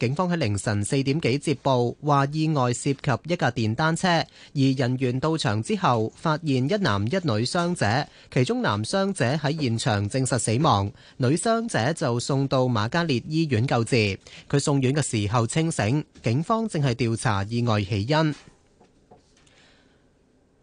警方喺凌晨四點幾接報，話意外涉及一架電單車，而人員到場之後，發現一男一女傷者，其中男傷者喺現場證實死亡，女傷者就送到瑪嘉烈醫院救治。佢送院嘅時候清醒，警方正係調查意外起因。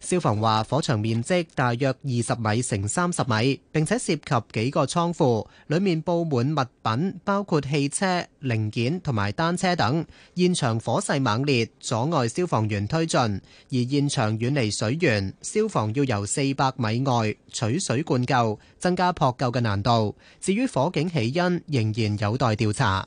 消防話，火場面積大約二十米乘三十米，並且涉及幾個倉庫，裏面佈滿物品，包括汽車零件同埋單車等。現場火勢猛烈，阻礙消防員推進，而現場遠離水源，消防要由四百米外取水灌救，增加撲救嘅難度。至於火警起因，仍然有待調查。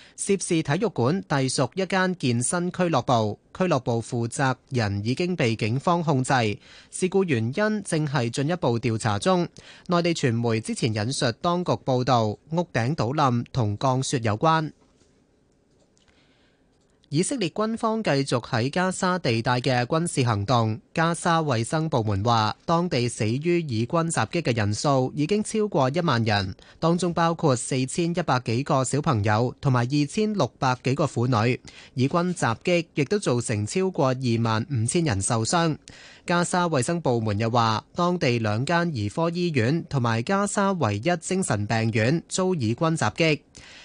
涉事體育館隸屬一間健身俱樂部，俱樂部負責人已經被警方控制。事故原因正係進一步調查中。內地傳媒之前引述當局報導，屋頂倒冧同降雪有關。以色列軍方繼續喺加沙地帶嘅軍事行動。加沙衛生部門話，當地死於以軍襲擊嘅人數已經超過一萬人，當中包括四千一百幾個小朋友同埋二千六百幾個婦女。以軍襲擊亦都造成超過二萬五千人受傷。加沙衛生部門又話，當地兩間兒科醫院同埋加沙唯一精神病院遭以軍襲擊。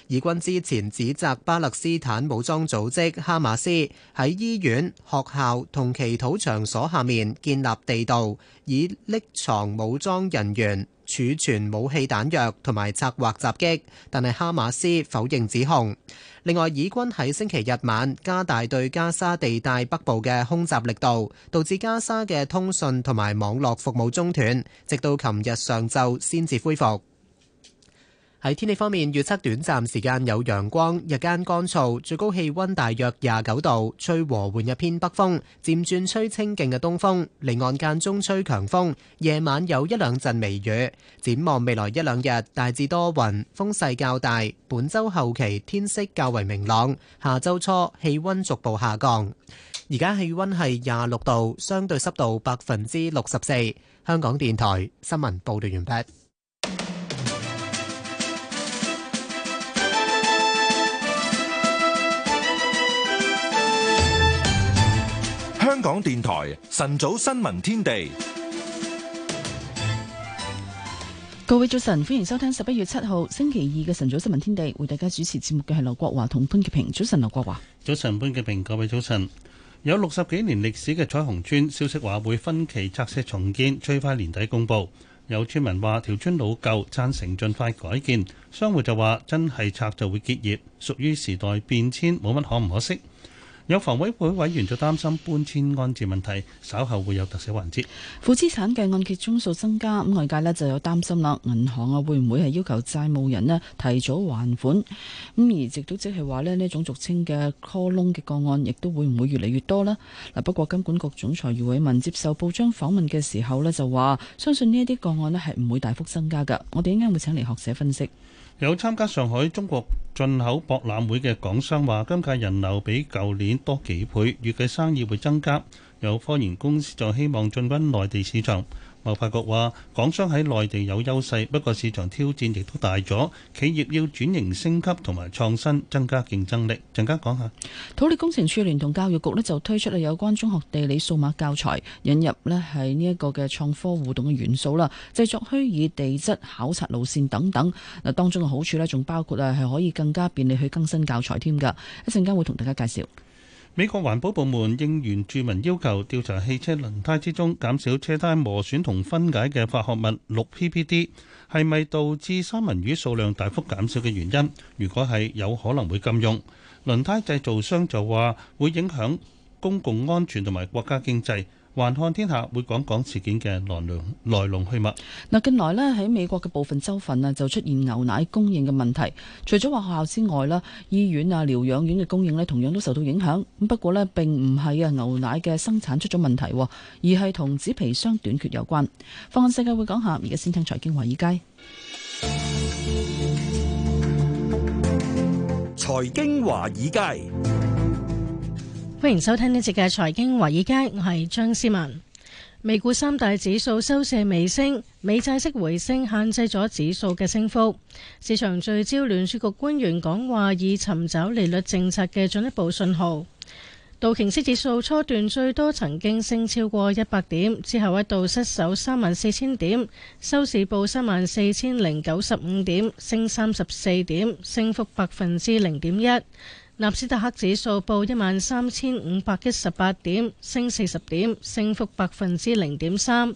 以軍之前指責巴勒斯坦武裝組織哈馬斯喺醫院、學校同祈禱場所下面建立地道，以匿藏武裝人員、儲存武器彈藥同埋策劃襲擊，但係哈馬斯否認指控。另外，以軍喺星期日晚加大對加沙地帶北部嘅空襲力度，導致加沙嘅通訊同埋網絡服務中斷，直到琴日上晝先至恢復。喺天氣方面，預測短暫時間有陽光，日間乾燥，最高氣溫大約廿九度，吹和緩一偏北風，漸轉吹清勁嘅東風，離岸間中吹強風，夜晚有一兩陣微雨。展望未來一兩日大致多雲，風勢較大。本周後期天色較為明朗，下周初氣溫逐步下降。而家氣溫係廿六度，相對濕度百分之六十四。香港電台新聞報道完畢。港電台晨早新聞天地，各位早晨，歡迎收聽十一月七號星期二嘅晨早新聞天地。為大家主持節目嘅係劉國華同潘潔平。早晨，劉國華。早晨，潘潔平。各位早晨。有六十幾年歷史嘅彩虹村，消息話會分期拆卸重建，最快年底公布。有村民話條村老舊，贊成盡快改建。商戶就話真係拆就會結業，屬於時代變遷，冇乜可唔可惜。有房委會委員就擔心搬遷安置問題，稍後會有特寫環節。負資產嘅按揭宗數增加，咁外界咧就有擔心啦。銀行啊會唔會係要求債務人咧提早還款？咁而直到即係話咧呢一種俗稱嘅 call loan 嘅個案，亦都會唔會越嚟越多呢？嗱不過金管局總裁余偉文接受報章訪問嘅時候咧就話，相信呢一啲個案咧係唔會大幅增加㗎。我哋一陣會請嚟學者分析。有參加上海中國進口博覽會嘅港商話：今屆人流比舊年多幾倍，預計生意會增加。有科研公司就希望進軍內地市場。貿發局話港商喺內地有優勢，不過市場挑戰亦都大咗，企業要轉型升級同埋創新，增加競爭力。陣間講下。土力工程署聯同教育局呢就推出啦有關中學地理數碼教材，引入呢喺呢一個嘅創科互動嘅元素啦，製作虛擬地質考察路綫等等。嗱，當中嘅好處呢，仲包括啊係可以更加便利去更新教材添噶。一陣間會同大家介紹。美國環保部門應原住民要求調查汽車輪胎之中減少車胎磨損同分解嘅化學物 6PPD 係咪導致三文魚數量大幅減少嘅原因？如果係，有可能會禁用。輪胎製造商就話會影響公共安全同埋國家經濟。還看天下會講講事件嘅來龍來龍去脈。嗱，近來咧喺，美國嘅部分州份啊，就出現牛奶供應嘅問題。除咗話學校之外啦，醫院啊、療養院嘅供應咧，同樣都受到影響。咁不過咧，並唔係啊牛奶嘅生產出咗問題，而係同紙皮箱短缺有關。放眼世界會講下，而家先聽財經華爾街。財經華爾街。歡迎收聽呢集嘅財經華爾街，我係張思文。美股三大指數收市微升，美債息回升限制咗指數嘅升幅。市場聚焦聯儲局官員講話，以尋找利率政策嘅進一步信號。道瓊斯指數初段最多曾經升超過一百點，之後一度失守三萬四千點，收市報三萬四千零九十五點，升三十四點，升幅百分之零點一。納斯達克指數報一萬三千五百一十八點，升四十點，升幅百分之零點三。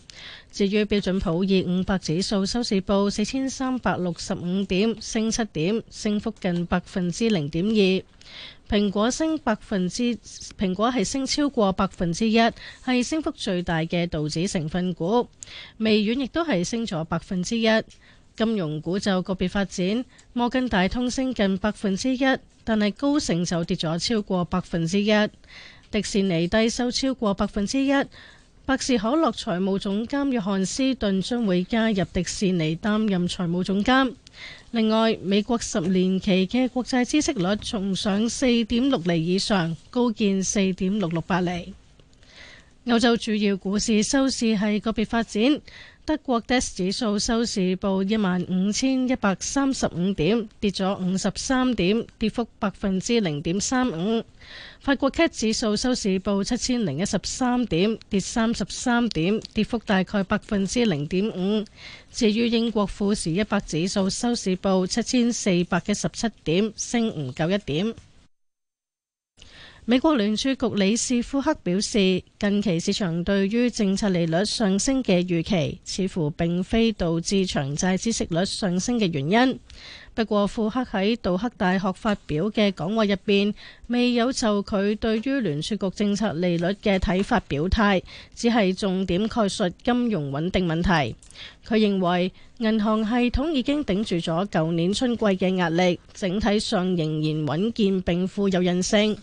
至於標準普爾五百指數收市報四千三百六十五點，升七點，升幅近百分之零點二。蘋果升百分之，蘋果係升超過百分之一，係升幅最大嘅道指成分股。微軟亦都係升咗百分之一。金融股就個別發展，摩根大通升近百分之一，但係高盛就跌咗超過百分之一。迪士尼低收超過百分之一。百事可樂財務總監約翰斯頓將會加入迪士尼擔任財務總監。另外，美國十年期嘅國債息率重上四點六厘以上，高見四點六六八厘。歐洲主要股市收市係個別發展。德國 DAX 指數收市報一萬五千一百三十五點，跌咗五十三點，跌幅百分之零點三五。法國 CAC 指數收市報七千零一十三點，跌三十三點，跌幅大概百分之零點五。至於英國富時一百指數收市報七千四百一十七點，升唔夠一點。美國聯儲局理事庫克表示，近期市場對於政策利率上升嘅預期，似乎並非導致長債孳息率上升嘅原因。不過庫克喺杜克大學發表嘅講話入邊，未有就佢對於聯儲局政策利率嘅睇法表態，只係重點概述金融穩定問題。佢認為。銀行系統已經頂住咗舊年春季嘅壓力，整體上仍然穩健，並富有韌性。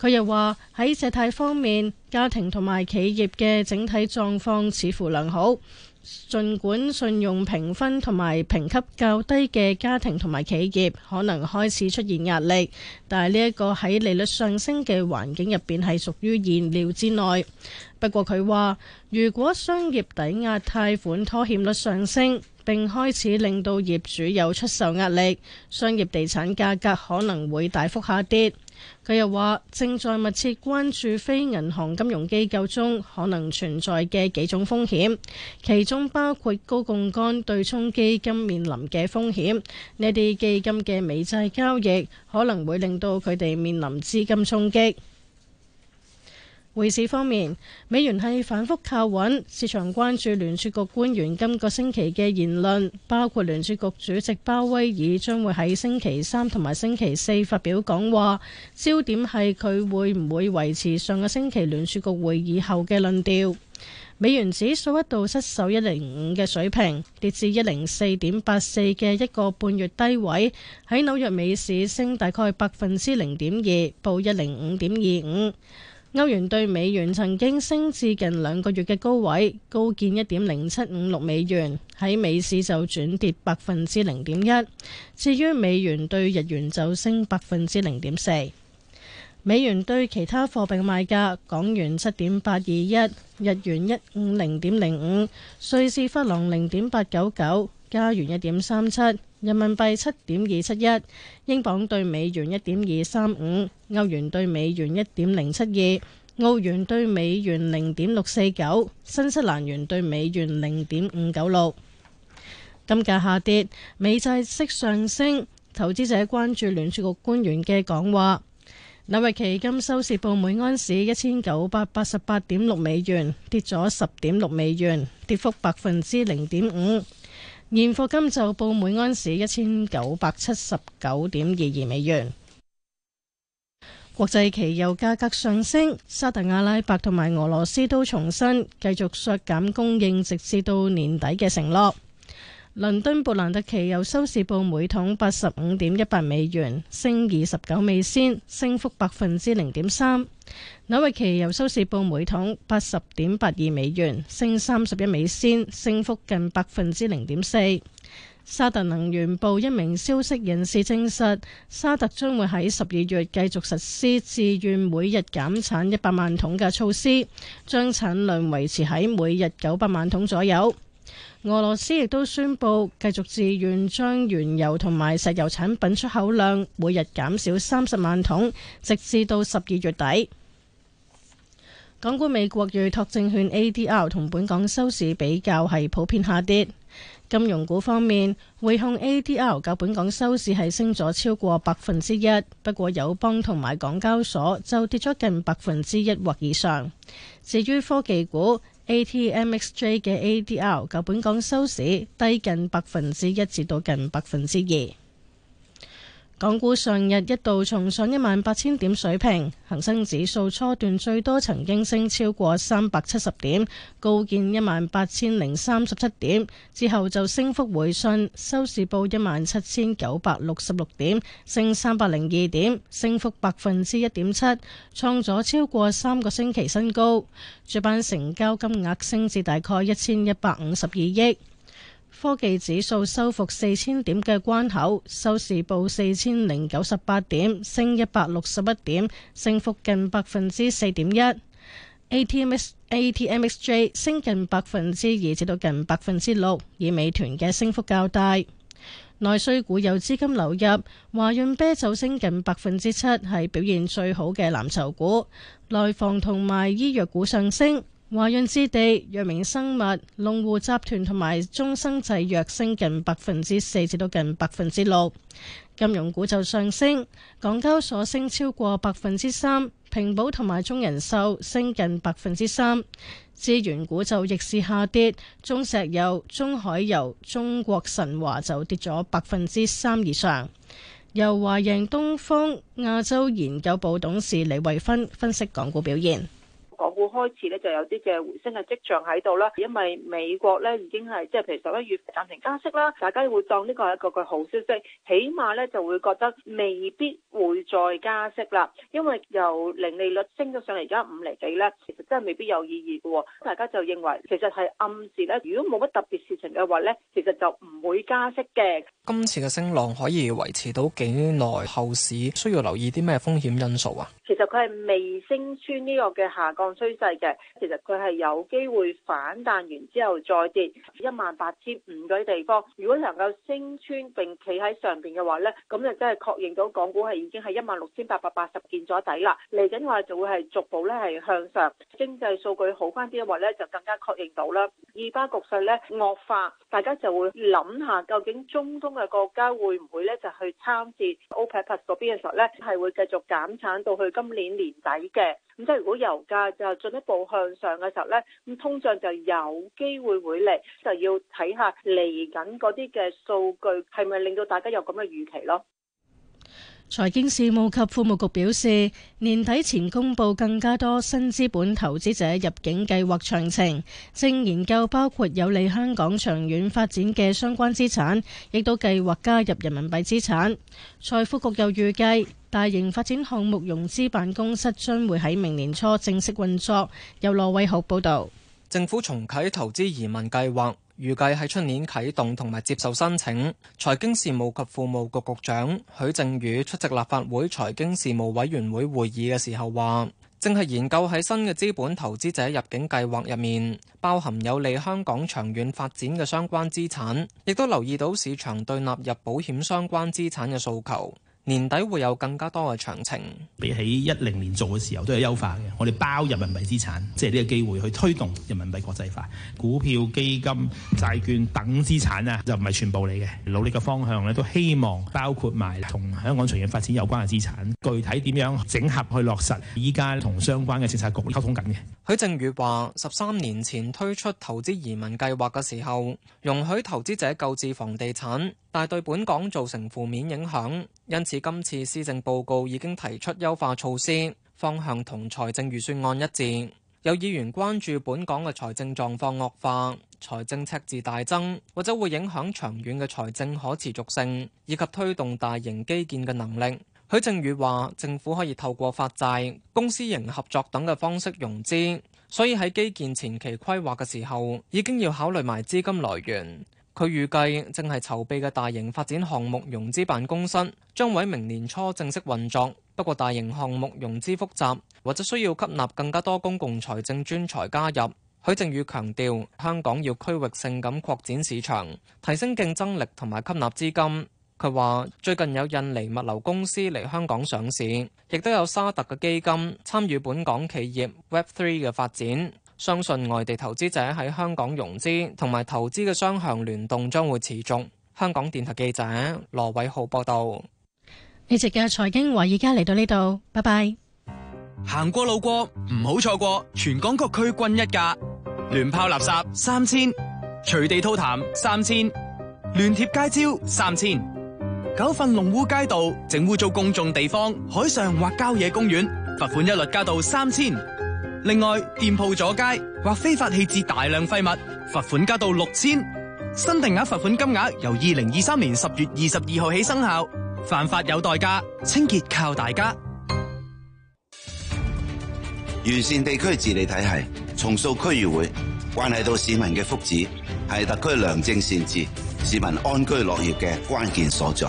佢又話喺借貸方面，家庭同埋企業嘅整體狀況似乎良好。盡管信用評分同埋評級較低嘅家庭同埋企業可能開始出現壓力，但係呢一個喺利率上升嘅環境入邊係屬於預料之內。不過佢話，如果商業抵押貸款拖欠率上升，並開始令到業主有出售壓力，商業地產價格可能會大幅下跌。佢又話正在密切關注非銀行金融機構中可能存在嘅幾種風險，其中包括高槓桿對沖基金面臨嘅風險。呢啲基金嘅美債交易可能會令到佢哋面臨資金衝擊。匯市方面，美元係反覆靠穩，市場關注聯儲局官員今個星期嘅言論，包括聯儲局主席鮑威爾將會喺星期三同埋星期四發表講話，焦點係佢會唔會維持上個星期聯儲局會議後嘅論調。美元指數一度失守一零五嘅水平，跌至一零四點八四嘅一個半月低位。喺紐約美市升大概百分之零點二，報一零五點二五。歐元對美元曾經升至近兩個月嘅高位，高見一點零七五六美元。喺美市就轉跌百分之零點一。至於美元對日元就升百分之零點四。美元對其他貨幣嘅賣價：港元七點八二一，日元一五零點零五，瑞士法郎零點八九九，加元一點三七。人民幣七點二七一，英鎊兌美元一點二三五，歐元兌美元一點零七二，澳元兌美元零點六四九，新西蘭元兌美元零點五九六。金價下跌，美債息上升，投資者關注聯儲局官員嘅講話。紐約期金收市報每安士一千九百八十八點六美元，跌咗十點六美元，跌幅百分之零點五。現貨金就報每安士一千九百七十九點二二美元，國際期油價格上升，沙特阿拉伯同埋俄羅斯都重申繼續削減供應直至到年底嘅承諾。倫敦布蘭特期油收市報每桶八十五點一八美元，升二十九美仙，升幅百分之零點三。紐約期油收市報每桶八十點八二美元，升三十一美仙，升幅近百分之零點四。沙特能源部一名消息人士證實，沙特將會喺十二月繼續實施自願每日減產一百萬桶嘅措施，將產量維持喺每日九百萬桶左右。俄羅斯亦都宣布繼續自願將原油同埋石油產品出口量每日減少三十萬桶，直至到十二月底。港股美國預託證券 ADR 同本港收市比較係普遍下跌。金融股方面，匯控 ADR 較本港收市係升咗超過百分之一，不過友邦同埋港交所就跌咗近百分之一或以上。至於科技股，A T M X J 嘅 A D R，較本港收市低近百分之一，至到近百分之二。港股上日一度重上一萬八千點水平，恒生指數初段最多曾經升超過三百七十點，高見一萬八千零三十七點，之後就升幅回順，收市報一萬七千九百六十六點，升三百零二點，升幅百分之一點七，創咗超過三個星期新高，主板成交金額升至大概一千一百五十二億。科技指數收復四千點嘅關口，收市報四千零九十八點，升一百六十一點，升幅近百分之四點一。ATMX、ATMXJ 升近百分之二至到近百分之六，以美團嘅升幅較大。內需股有資金流入，華潤啤酒升近百分之七，係表現最好嘅藍籌股。內房同埋醫藥股上升。華潤置地、藥明生物、龍湖集團同埋中生製藥升近百分之四，至到近百分之六。金融股就上升，港交所升超過百分之三，平保同埋中人壽升近百分之三。資源股就逆市下跌，中石油、中海油、中國神華就跌咗百分之三以上。由華盈東方亞洲研究部董事李慧芬分析港股表現。港股開始咧就有啲嘅回升嘅跡象喺度啦，因為美國咧已經係即係譬如十一月暫停加息啦，大家會當呢個係一個嘅好消息，起碼咧就會覺得未必會再加息啦。因為由零利率升咗上嚟，而家五厘幾咧，其實真係未必有意義嘅喎。大家就認為其實係暗示咧，如果冇乜特別事情嘅話咧，其實就唔會加息嘅。今次嘅升浪可以維持到幾耐？後市需要留意啲咩風險因素啊？其實佢係未升穿呢個嘅下降趨勢嘅，其實佢係有機會反彈完之後再跌，一萬八千五嘅地方，如果能夠升穿並企喺上邊嘅話咧，咁就真係確認到港股係已經係一萬六千八百八十見咗底啦。嚟緊話就會係逐步咧係向上，經濟數據好翻啲，嘅話咧就更加確認到啦。二巴局勢咧惡化，大家就會諗下究竟中東嘅國家會唔會咧就去參戰 OPEC 嗰邊嘅時候咧，係會繼續減產到去今年年底嘅。咁即係如果油價就進一步向上嘅時候咧，咁通脹就有機會會嚟，就要睇下嚟緊嗰啲嘅數據，係咪令到大家有咁嘅預期咯。財經事務及庫務局表示，年底前公布更加多新資本投資者入境計劃詳情，正研究包括有利香港長遠發展嘅相關資產，亦都計劃加入人民幣資產。財富局又預計，大型發展項目融資辦公室將會喺明年初正式運作。由羅偉豪報道。政府重啟投資移民計劃。預計喺出年啟動同埋接受申請。財經事務及庫務局局長許正宇出席立法會財經事務委員會會議嘅時候話，正係研究喺新嘅資本投資者入境計劃入面，包含有利香港長遠發展嘅相關資產，亦都留意到市場對納入保險相關資產嘅訴求。年底會有更加多嘅詳情。比起一零年做嘅時候，都有優化嘅。我哋包人民幣資產，即係呢個機會去推動人民幣國際化，股票、基金、債券等資產啊，就唔係全部嚟嘅。努力嘅方向咧，都希望包括埋同香港長遠發展有關嘅資產。具體點樣整合去落實？依家同相關嘅政策局溝通緊嘅。許正宇話：十三年前推出投資移民計劃嘅時候，容許投資者購置房地產，但係對本港造成負面影響。因此，今次施政報告已經提出優化措施方向，同財政預算案一致。有議員關注本港嘅財政狀況惡化，財政赤字大增，或者會影響長遠嘅財政可持續性，以及推動大型基建嘅能力。許正宇話，政府可以透過發債、公私營合作等嘅方式融資，所以喺基建前期規劃嘅時候，已經要考慮埋資金來源。佢預計正係籌備嘅大型發展項目融資辦公室將喺明年初正式運作，不過大型項目融資複雜，或者需要吸納更加多公共財政專才加入。許正宇強調，香港要區域性咁擴展市場，提升競爭力同埋吸納資金。佢話：最近有印尼物流公司嚟香港上市，亦都有沙特嘅基金參與本港企業 Web3 嘅發展。相信外地投資者喺香港融資同埋投資嘅雙向聯動將會持續。香港電台記者羅偉浩報道。呢節嘅財經話，而家嚟到呢度，拜拜。行過路過唔好錯過，全港各區均一價。亂拋垃圾三千，隨地吐痰三千，亂貼街招三千，狗糞弄污街道整污糟公眾地方、海上或郊野公園，罰款一律加到三千。另外，店鋪阻街或非法棄置大量廢物，罰款加到六千。新定額罰款金額由二零二三年十月二十二號起生效。犯法有代價，清潔靠大家。完善地區治理體系，重塑區議會，關係到市民嘅福祉，係特區良政善治、市民安居樂業嘅關鍵所在。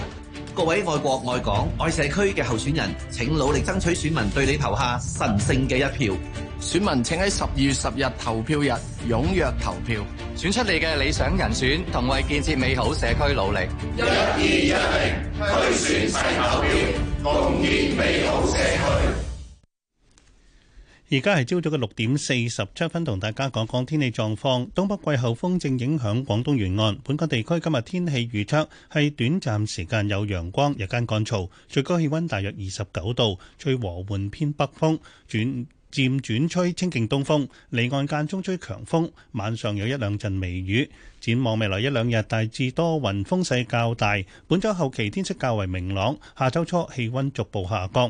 各位愛國愛港愛社區嘅候選人，請努力爭取選民對你投下神聖嘅一票。選民請喺十二月十日投票日踴躍投票，選出你嘅理想人選，同為建設美好社區努力。一是、二、一、零，推選誓投票，共建美好社區。而家係朝早嘅六點四十七分，同大家講講天氣狀況。東北季候風正影響廣東沿岸，本港地區今日天，天氣預測係短暫時間有陽光，日間乾燥，最高氣温大約二十九度，吹和緩偏北風，轉漸轉吹清勁東風，離岸間中吹強風，晚上有一兩陣微雨。展望未來一兩日，大致多雲，風勢較大。本週後期天色較為明朗，下周初氣温逐步下降。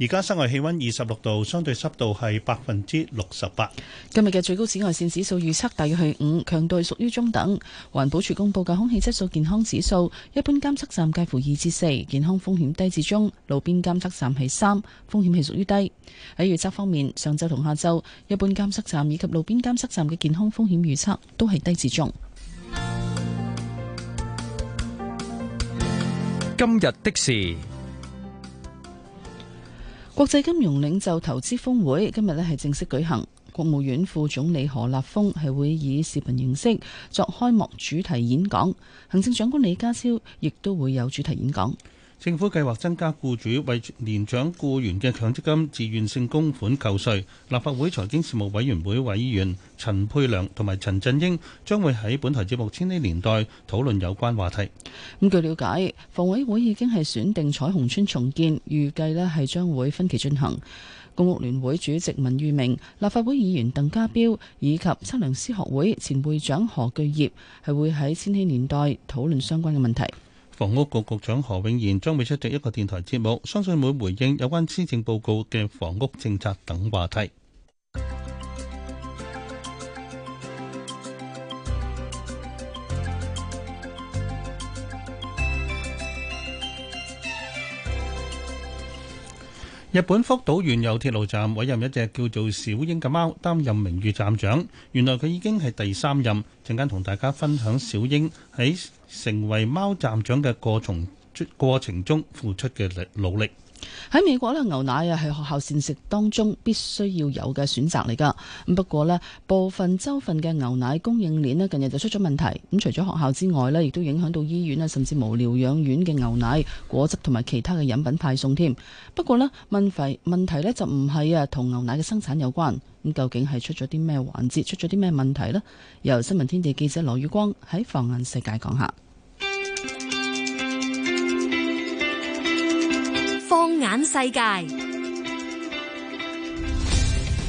而家室外氣溫二十六度，相對濕度係百分之六十八。今日嘅最高紫外線指數預測大約係五，強度屬於中等。環保署公布嘅空氣質素健康指數，一般監測站介乎二至四，健康風險低至中；路邊監測站係三，風險係屬於低。喺預測方面，上晝同下晝，一般監測站以及路邊監測站嘅健康風險預測都係低至中。今日的事。國際金融領袖投資峰會今日呢係正式舉行，國務院副總理何立峰係會以視頻形式作開幕主題演講，行政長官李家超亦都會有主題演講。政府計劃增加雇主為年長雇員嘅強積金，自願性供款扣稅。立法會財經事務委員會委員陳佩良同埋陳振英將會喺本台節目《千禧年代》討論有關話題。咁據了解，房委會已經係選定彩虹邨重建，預計咧係將會分期進行。公屋聯會主席文裕明、立法會議員鄧家彪以及測量師學會前會長何巨業係會喺《千禧年代》討論相關嘅問題。房屋局局長何永賢將會出席一個電台節目，相信會回應有關施政報告嘅房屋政策等話題。日本福島縣有鐵路站委任一隻叫做小英嘅貓擔任名譽站長，原來佢已經係第三任。陣間同大家分享小英喺成為貓站長嘅過程過程中付出嘅力努力。喺美國咧，牛奶啊，係學校膳食當中必須要有嘅選擇嚟噶。咁不過咧，部分州份嘅牛奶供應鏈咧，近日就出咗問題。咁除咗學校之外咧，亦都影響到醫院啊，甚至無療養院嘅牛奶、果汁同埋其他嘅飲品派送添。不過咧，問題問題咧就唔係啊同牛奶嘅生產有關。咁究竟係出咗啲咩環節？出咗啲咩問題呢？由新聞天地記者羅宇光喺放眼世界講下。眼世界，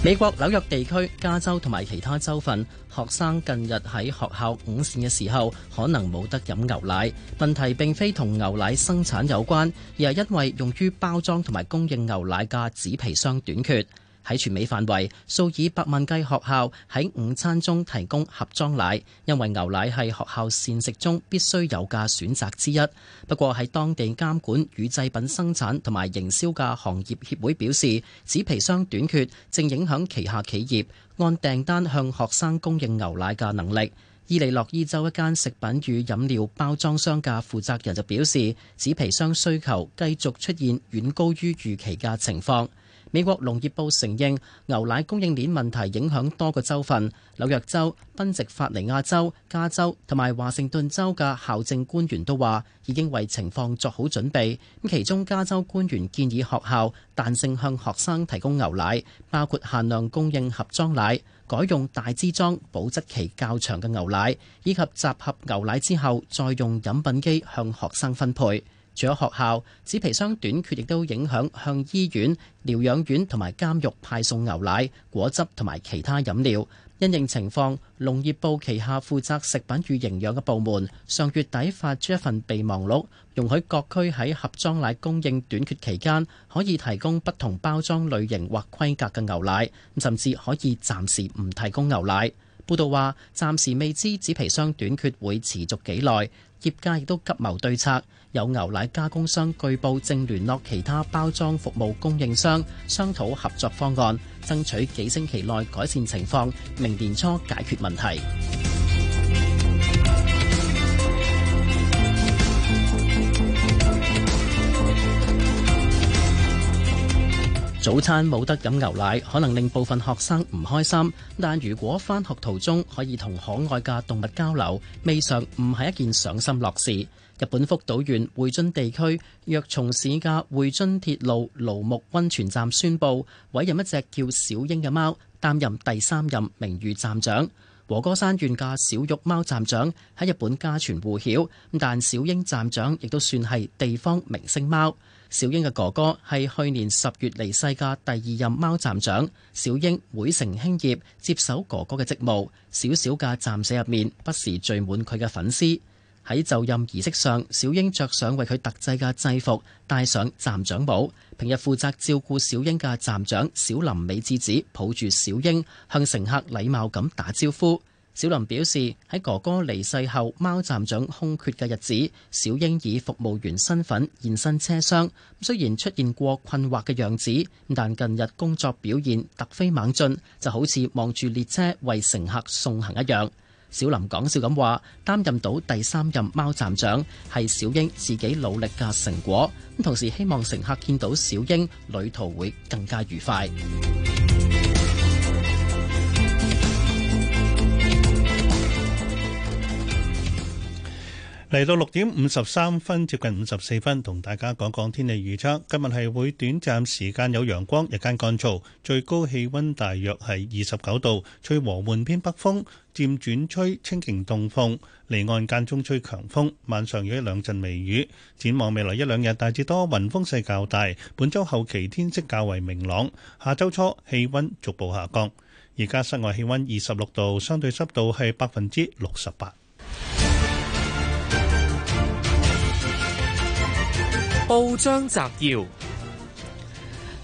美國紐約地區、加州同埋其他州份學生近日喺學校午膳嘅時候，可能冇得飲牛奶。問題並非同牛奶生產有關，而係因為用於包裝同埋供應牛奶嘅紙皮箱短缺。喺全美範圍，數以百萬計學校喺午餐中提供盒裝奶，因為牛奶係學校膳食中必須有嘅選擇之一。不過喺當地監管乳製品生產同埋營銷嘅行業協會表示，紙皮箱短缺正影響旗下企業按訂單向學生供應牛奶嘅能力。伊利諾伊州一間食品與飲料包裝商嘅負責人就表示，紙皮箱需求繼續出現遠高於預期嘅情況。美國農業部承認牛奶供應鏈問題影響多個州份，紐約州、賓夕法尼亞州、加州同埋華盛頓州嘅校政官員都話已經為情況作好準備，咁其中加州官員建議學校彈性向學生提供牛奶，包括限量供應盒裝奶，改用大支裝保質期較長嘅牛奶，以及集合牛奶之後再用飲品機向學生分配。除咗學校紙皮箱短缺，亦都影響向醫院、療養院同埋監獄派送牛奶、果汁同埋其他飲料。因應情況，農業部旗下負責食品與營養嘅部門上月底發出一份備忘錄，容許各區喺盒裝奶供應短缺期間可以提供不同包裝類型或規格嘅牛奶，甚至可以暫時唔提供牛奶。報道話，暫時未知紙皮箱短缺會持續幾耐，業界亦都急謀對策。有牛奶加工商據報正聯絡其他包裝服務供應商，商，商討合作方案，爭取幾星期內改善情況，明年初解決問題。早餐冇得飲牛奶，可能令部分學生唔開心。但如果返學途中可以同可愛嘅動物交流，未嘗唔係一件賞心樂事。日本福島縣會津地區若松市嘅會津鐵路蘆牧溫泉站宣布委任一隻叫小英嘅貓擔任第三任名譽站長。和歌山縣嘅小玉貓站長喺日本家傳戶曉，但小英站長亦都算係地方明星貓。小英嘅哥哥，係去年十月離世嘅第二任貓站長。小英會成興業接手哥哥嘅職務，小小嘅站舍入面不時聚滿佢嘅粉絲。喺就任儀式上，小英着上為佢特製嘅制服，戴上站長帽。平日負責照顧小英嘅站長小林美智子抱住小英，向乘客禮貌咁打招呼。小林表示喺哥哥離世後，貓站長空缺嘅日子，小英以服務員身份現身車廂。雖然出現過困惑嘅樣子，但近日工作表現突飛猛進，就好似望住列車為乘客送行一樣。小林講笑咁話：擔任到第三任貓站長係小英自己努力嘅成果。同時希望乘客見到小英旅途會更加愉快。嚟到六點五十三分，接近五十四分，同大家講講天氣預測。今日係會短暫時間有陽光，日間乾燥，最高氣温大約係二十九度，吹和緩偏北風，漸轉吹清勁東風，離岸間中吹強風，晚上有一兩陣微雨。展望未來一兩日，大致多雲，風勢較大。本周後期天色較為明朗，下周初氣温逐步下降。而家室外氣温二十六度，相對濕度係百分之六十八。報章摘要：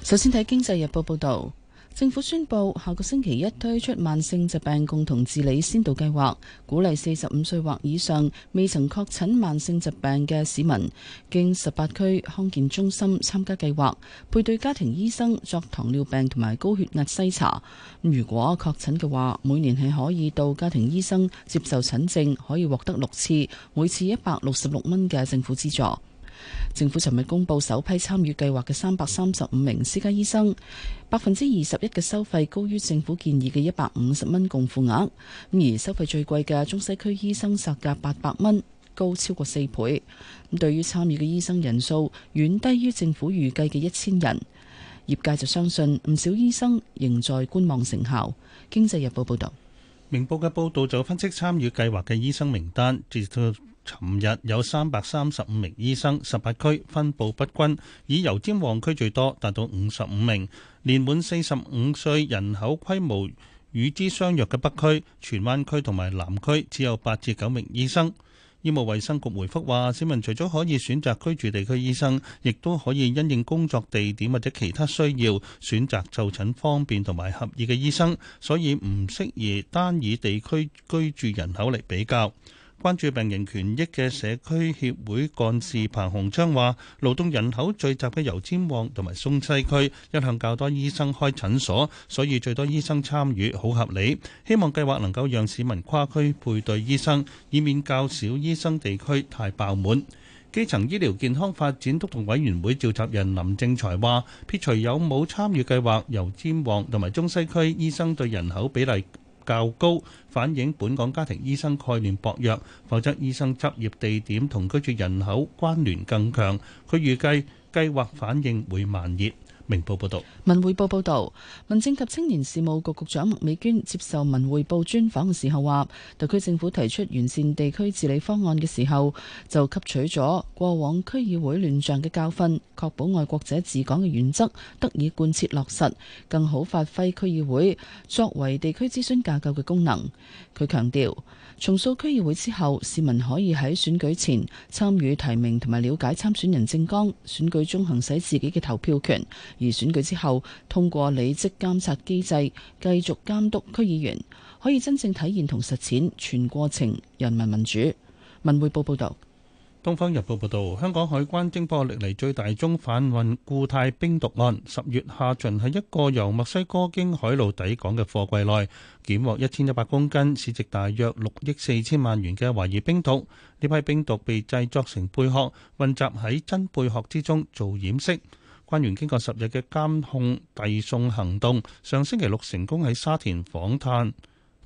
首先睇《經濟日報》報道，政府宣布下個星期一推出慢性疾病共同治理先導計劃，鼓勵四十五歲或以上未曾確診慢性疾病嘅市民，經十八區康健中心參加計劃，配對家庭醫生作糖尿病同埋高血壓篩查。如果確診嘅話，每年係可以到家庭醫生接受診症，可以獲得六次，每次一百六十六蚊嘅政府資助。政府尋日公布首批參與計劃嘅三百三十五名私家醫生，百分之二十一嘅收費高於政府建議嘅一百五十蚊共付額，咁而收費最貴嘅中西區醫生實價八百蚊，高超過四倍。咁對於參與嘅醫生人數，遠低於政府預計嘅一千人，業界就相信唔少醫生仍在觀望成效。經濟日報報導。明報嘅報道就分析參與計劃嘅醫生名單，截至尋日有三百三十五名醫生，十八區分佈不均，以油尖旺區最多，達到五十五名。年滿四十五歲人口規模與之相若嘅北區、荃灣區同埋南區只有八至九名醫生。醫務衛生局回覆話：市民除咗可以選擇居住地區醫生，亦都可以因應工作地點或者其他需要，選擇就診方便同埋合意嘅醫生，所以唔適宜單以地區居住人口嚟比較。關注病人權益嘅社區協會幹事彭鴻昌話：勞動人口聚集嘅油尖旺同埋中西區，一向較多醫生開診所，所以最多醫生參與好合理。希望計劃能夠讓市民跨區配對醫生，以免較少醫生地區太爆滿。基層醫療健康發展督導委員會召集人林正才話：撇除有冇參與計劃，油尖旺同埋中西區醫生對人口比例較高，反映本港家庭醫生概念薄弱，否則醫生執業地點同居住人口關聯更強。佢預計計劃反應會慢熱。明報報道，文匯報報道，民政及青年事務局局，局長麥美娟接受文匯報專訪嘅時候話，特區政府提出完善地區治理方案嘅時候，就吸取咗過往區議會亂象嘅教訓，確保愛國者治港嘅原則得以貫徹落實，更好發揮區議會作為地區諮詢架構嘅功能。佢強調。重塑區議會之後，市民可以喺選舉前參與提名同埋了解參選人政綱，選舉中行使自己嘅投票權，而選舉之後，通過履職監察機制，繼續監督區議員，可以真正體現同實踐全過程人民民主。文匯報報道。東方日報報道，香港海關偵破歷嚟最大宗販運固態冰毒案。十月下旬，喺一個由墨西哥經海路抵港嘅貨櫃內，檢獲一千一百公斤，市值大約六億四千萬元嘅懷疑冰毒。呢批冰毒被製作成貝殼，混雜喺真貝殼之中做掩飾。關員經過十日嘅監控遞送行動，上星期六成功喺沙田訪探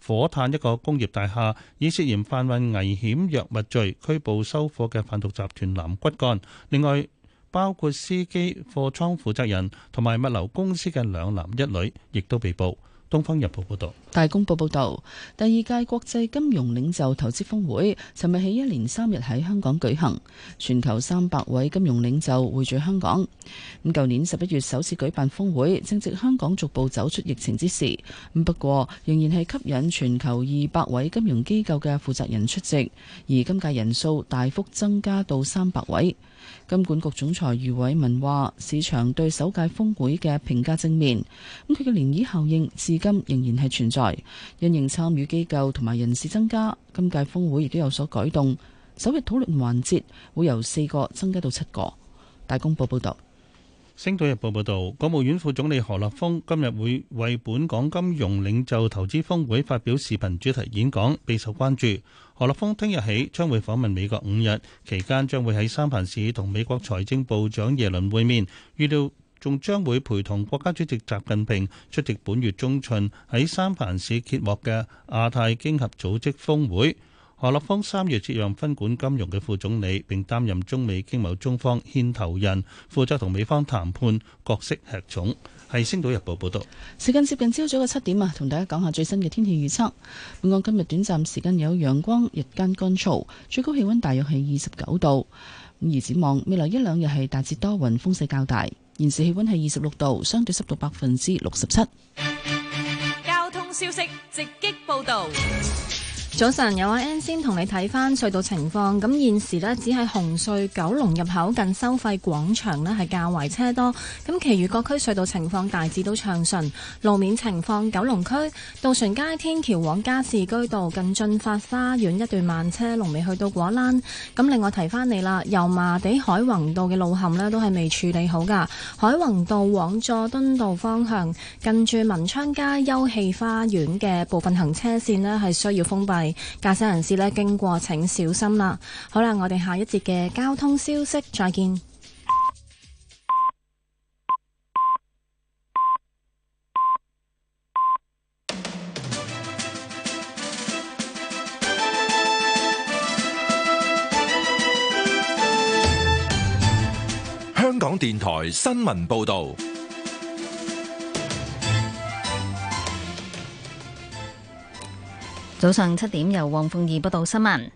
火炭一個工業大廈，以涉嫌販運危險藥物罪拘捕收貨嘅販毒集團男骨幹，另外包括司機、貨倉負責人同埋物流公司嘅兩男一女，亦都被捕。東方日報》報道。大公報》報道，第二屆國際金融領袖投資峰會，尋日起一連三日喺香港舉行，全球三百位金融領袖匯聚香港。咁舊年十一月首次舉辦峰會，正值香港逐步走出疫情之時。咁不過仍然係吸引全球二百位金融機構嘅負責人出席，而今屆人數大幅增加到三百位。金管局總裁余偉文話：市場對首屆峰會嘅評價正面，咁佢嘅漣漪效應今仍然係存在，因應參與機構同埋人士增加，今屆峰會亦都有所改動。首日討論環節會由四個增加到七個。大公報報道，《星島日報》報道，國務院副總理何立峰今日會為本港金融領袖投資峰會發表視頻主題演講，備受關注。何立峰聽日起將會訪問美國五日，期間將會喺三藩市同美國財政部長耶倫會面，預料。仲將會陪同國家主席習近平出席本月中旬喺三藩市揭幕嘅亞太經合組織峰會。何立峯三月接任分管金融嘅副總理，並擔任中美經貿中方牽頭人，負責同美方談判，角色吃重。係《星島日報》報道。時間接近朝早嘅七點啊，同大家講下最新嘅天氣預測。本港今日短暫時間有陽光，日間乾燥，最高氣温大約係二十九度。咁而展望未來一兩日係大致多雲，風勢較大。現時氣温係二十六度，相對濕度百分之六十七。交通消息直擊報道。早晨，有阿 N 先同你睇翻隧道情況。咁現時咧，只係紅隧九龍入口近收費廣場咧係較為車多。咁其餘各區隧道情況大致都暢順。路面情況，九龍區渡船街天橋往加士居道近駿發花園一段慢車，龍尾去到果欄。咁另外提翻你啦，油麻地海泓道嘅路陷咧都係未處理好噶。海泓道往佐敦道方向，近住文昌街休憩花園嘅部分行車線咧係需要封閉。駕駛人士呢，經過請小心啦！好啦，我哋下一節嘅交通消息，再見。香港電台新聞報道。早上七點，由黃鳳儀報道新聞。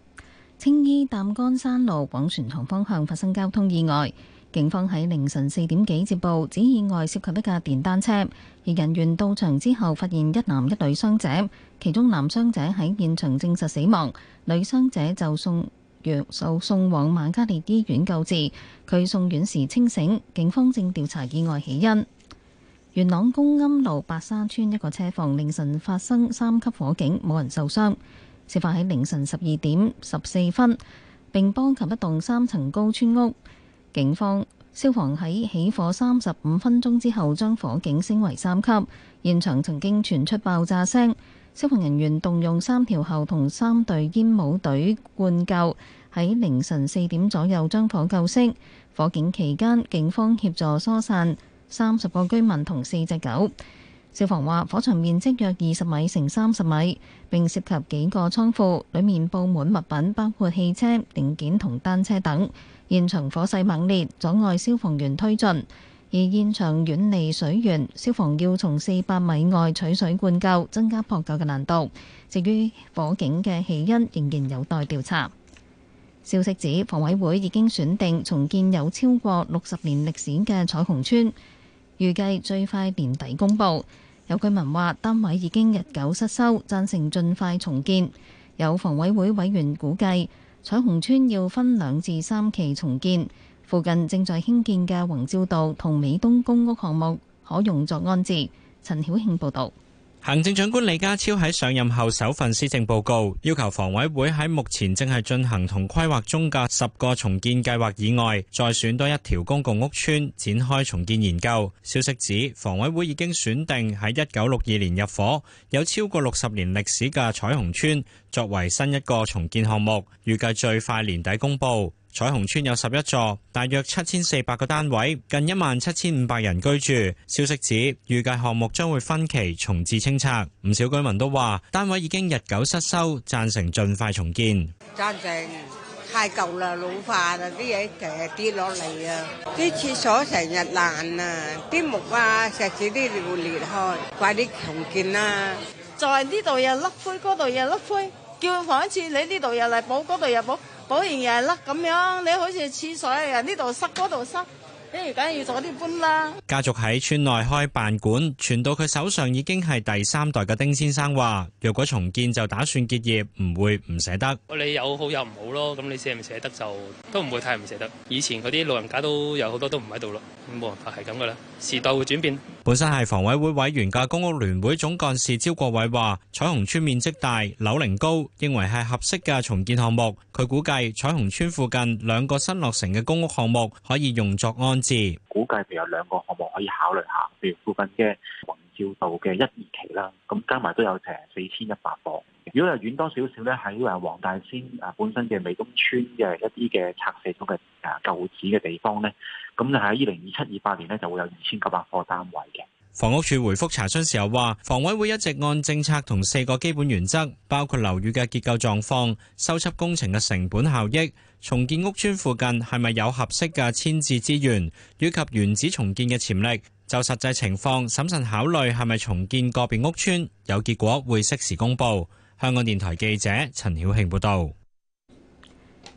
青衣擔杆山路往船塘方向發生交通意外，警方喺凌晨四點幾接報，指意外涉及一架電單車，而人員到場之後發現一男一女傷者，其中男傷者喺現場證實死亡，女傷者就送養受送往瑪嘉烈醫院救治，佢送院時清醒，警方正調查意外起因。元朗公庵路白沙村一個車房凌晨發生三級火警，冇人受傷。事發喺凌晨十二點十四分，並波及一棟三層高村屋。警方消防喺起火三十五分鐘之後將火警升為三級，現場曾經傳出爆炸聲。消防人員動用三條喉同三隊煙帽隊灌救，喺凌晨四點左右將火救熄。火警期間，警方協助疏散三十個居民同四隻狗。消防話火場面積約二十米乘三十米，並涉及幾個倉庫，裡面佈滿物品，包括汽車零件同單車等。現場火勢猛烈，阻礙消防員推進，而現場遠離水源，消防要從四百米外取水灌救，增加撲救嘅難度。至於火警嘅起因，仍然有待調查。消息指房委會已經選定重建有超過六十年歷史嘅彩虹村。預計最快年底公布。有居民話單位已經日久失修，贊成盡快重建。有房委會委員估計，彩虹村要分兩至三期重建。附近正在興建嘅宏照道同美東公屋項目，可用作安置。陳曉慶報導。行政長官李家超喺上任後首份施政報告，要求房委會喺目前正係進行同規劃中嘅十個重建計劃以外，再選多一條公共屋邨展開重建研究。消息指，房委會已經選定喺一九六二年入伙、有超過六十年歷史嘅彩虹邨作為新一個重建項目，預計最快年底公布。彩虹村有十一座，大約七千四百個單位，近一萬七千五百人居住。消息指，預計項目將會分期重置清拆。唔少居民都話，單位已經日久失修，贊成盡快重建。贊成，太舊啦，老化啦，啲嘢成日跌落嚟啊！啲廁所成日爛啊！啲木啊、石屎啲裂開，快啲重建啦！在呢度又甩灰，嗰度又甩灰，叫佢翻一次，你呢度又嚟補，嗰度又補。保完又係甩咁樣，你好似廁所，又呢度塞，嗰度塞，哎，梗要早啲搬啦。家族喺村內開飯館，傳到佢手上已經係第三代嘅丁先生話，若果重建就打算結業，唔會唔捨得。你有好有唔好咯，咁你捨唔捨得就都唔會太唔捨得。以前嗰啲老人家都有好多都唔喺度咯，冇辦法係咁噶啦，時代會轉變。本身係房委會委員嘅公屋聯會總幹事招國偉話：彩虹邨面積大、樓齡高，認為係合適嘅重建項目。佢估計彩虹邨附近兩個新落成嘅公屋項目可以用作安置，估計譬如有兩個項目可以考慮下，譬如附近嘅宏照道嘅一二期啦，咁加埋都有成四千一百個。如果又遠多少少咧，喺話黃大仙啊本身嘅美東村嘅一啲嘅拆卸咗嘅啊舊址嘅地方咧。咁就喺二零二七、二八年呢，就會有二千九百個單位嘅。房屋署回覆查詢時候話，房委會一直按政策同四個基本原則，包括樓宇嘅結構狀況，修葺工程嘅成本效益、重建屋村附近係咪有合適嘅遷置資源，以及原址重建嘅潛力，就實際情況審慎考慮，係咪重建個別屋村，有結果會適時公布。香港電台記者陳曉慶報道。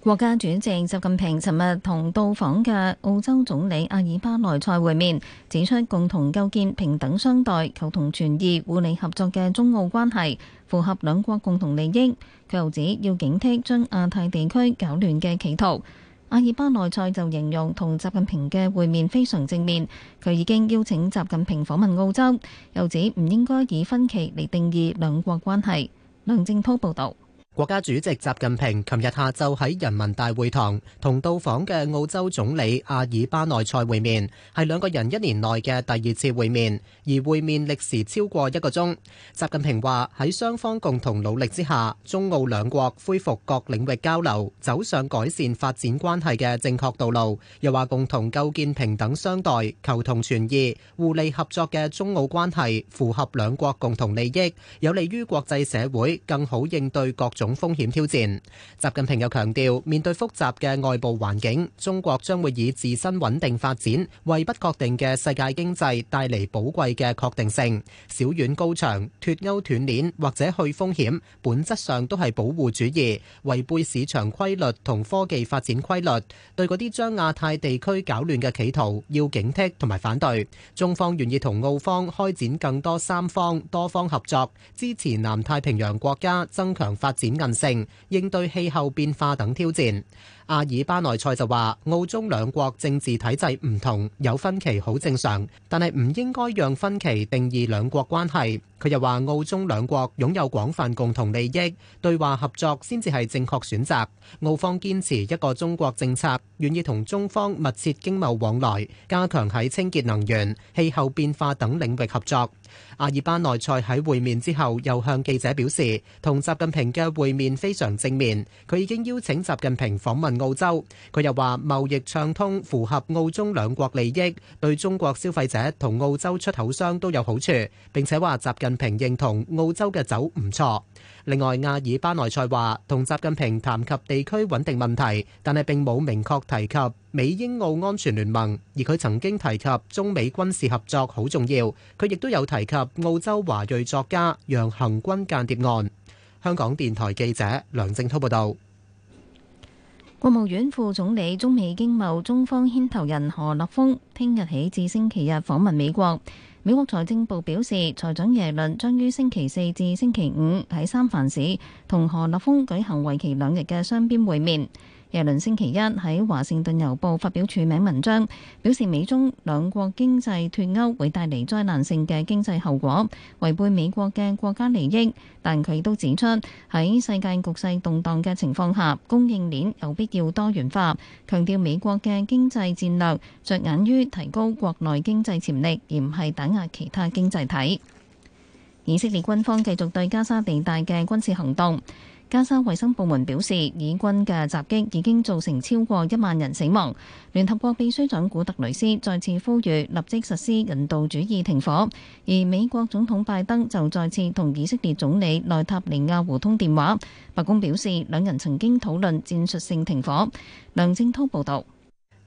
國家主席習近平尋日同到訪嘅澳洲總理阿爾巴內塞會面，指出共同構建平等相待、求同存異、互利合作嘅中澳關係，符合兩國共同利益。佢又指要警惕將亞太地區搞亂嘅企圖。阿爾巴內塞就形容同習近平嘅會面非常正面，佢已經邀請習近平訪問澳洲。又指唔應該以分歧嚟定義兩國關係。梁正濤報道。國家主席習近平琴日下晝喺人民大會堂同到訪的澳洲總理阿爾巴內塞會面，係兩個人一年內的第二次會面，而會面歷時超過一個鐘。習近平話，喺雙方共同努力之下，中澳兩國恢復各領域交流，走上改善發展關係的正確道路，又話共同構建平等相待、求同存異、互利合作的中澳關係，符合兩國共同利益，有利於國際社會更好應對各種風險挑戰。習近平又強調，面對複雜嘅外部環境，中國將會以自身穩定發展，為不確定嘅世界經濟帶嚟寶貴嘅確定性。小院高牆、脫歐斷鏈或者去風險，本質上都係保護主義，違背市場規律同科技發展規律。對嗰啲將亞太地區搞亂嘅企圖，要警惕同埋反對。中方願意同澳方開展更多三方、多方合作，支持南太平洋國家增強發展韌性，應對氣候變化等挑戰。阿爾巴內塞就話：澳中兩國政治體制唔同，有分歧好正常，但係唔應該讓分歧定義兩國關係。佢又話：澳中兩國擁有廣泛共同利益，對話合作先至係正確選擇。澳方堅持一個中國政策，願意同中方密切經貿往來，加強喺清潔能源、氣候變化等領域合作。阿爾巴內塞喺會面之後，又向記者表示，同習近平嘅會面非常正面。佢已經邀請習近平訪問澳洲。佢又話，貿易暢通符合澳中兩國利益，對中國消費者同澳洲出口商都有好處。並且話，習近平認同澳洲嘅酒唔錯。另外，亞爾巴內塞話同習近平談及地區穩定問題，但係並冇明確提及美英澳安全聯盟。而佢曾經提及中美軍事合作好重要，佢亦都有提及澳洲華裔作家楊恆均間諜案。香港電台記者梁正滔報導。國務院副總理、中美經貿中方牽頭人何立峰，聽日起至星期日訪問美國。美國財政部表示，財長耶倫將於星期四至星期五喺三藩市同何立峰舉行為期兩日嘅雙邊會面。耶倫星期一喺華盛頓郵報發表署名文章，表示美中兩國經濟脫歐會帶嚟災難性嘅經濟後果，違背美國嘅國家利益。但佢都指出，喺世界局勢動盪嘅情況下，供應鏈有必要多元化。強調美國嘅經濟戰略着眼於提高國內經濟潛力，而唔係打壓其他經濟體。以色列軍方繼續對加沙地帶嘅軍事行動。加沙衛生部門表示，以軍嘅襲擊已經造成超過一萬人死亡。聯合國秘書長古特雷斯再次呼籲立即實施人道主義停火，而美國總統拜登就再次同以色列總理內塔尼亞胡通電話。白宮表示，兩人曾經討論戰術性停火。梁正滔報道。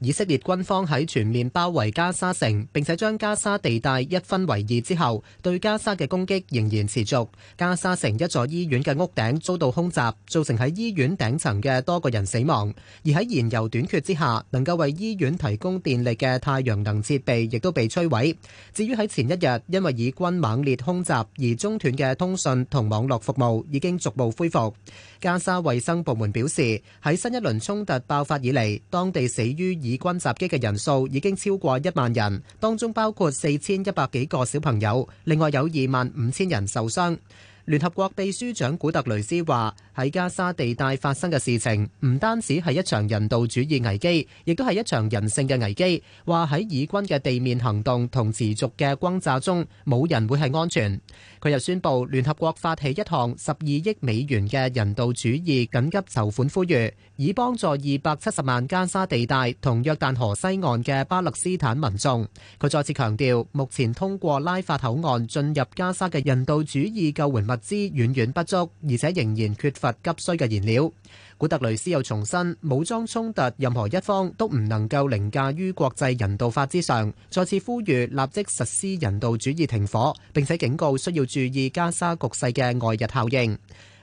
以色列軍方喺全面包圍加沙城，並且將加沙地帶一分為二之後，對加沙嘅攻擊仍然持續。加沙城一座醫院嘅屋頂遭到空襲，造成喺醫院頂層嘅多個人死亡。而喺燃油短缺之下，能夠為醫院提供電力嘅太陽能設備亦都被摧毀。至於喺前一日因為以軍猛烈空襲而中斷嘅通訊同網絡服務，已經逐步恢復。加沙衛生部門表示，喺新一輪衝突爆發以嚟，當地死於以軍襲擊嘅人數已經超過一萬人，當中包括四千一百幾個小朋友。另外有二萬五千人受傷。聯合國秘書長古特雷斯話：喺加沙地帶發生嘅事情，唔單止係一場人道主義危機，亦都係一場人性嘅危機。話喺以軍嘅地面行動同持續嘅轟炸中，冇人會係安全。佢又宣布，聯合國發起一項十二億美元嘅人道主義緊急籌款呼籲，以幫助二百七十萬加沙地帶同約旦河西岸嘅巴勒斯坦民眾。佢再次強調，目前通過拉法口岸進入加沙嘅人道主義救援物資遠遠不足，而且仍然缺乏急需嘅燃料。古特雷斯又重申，武裝衝突任何一方都唔能夠凌駕於國際人道法之上，再次呼籲立即實施人道主義停火，並且警告需要注意加沙局勢嘅外溢效應。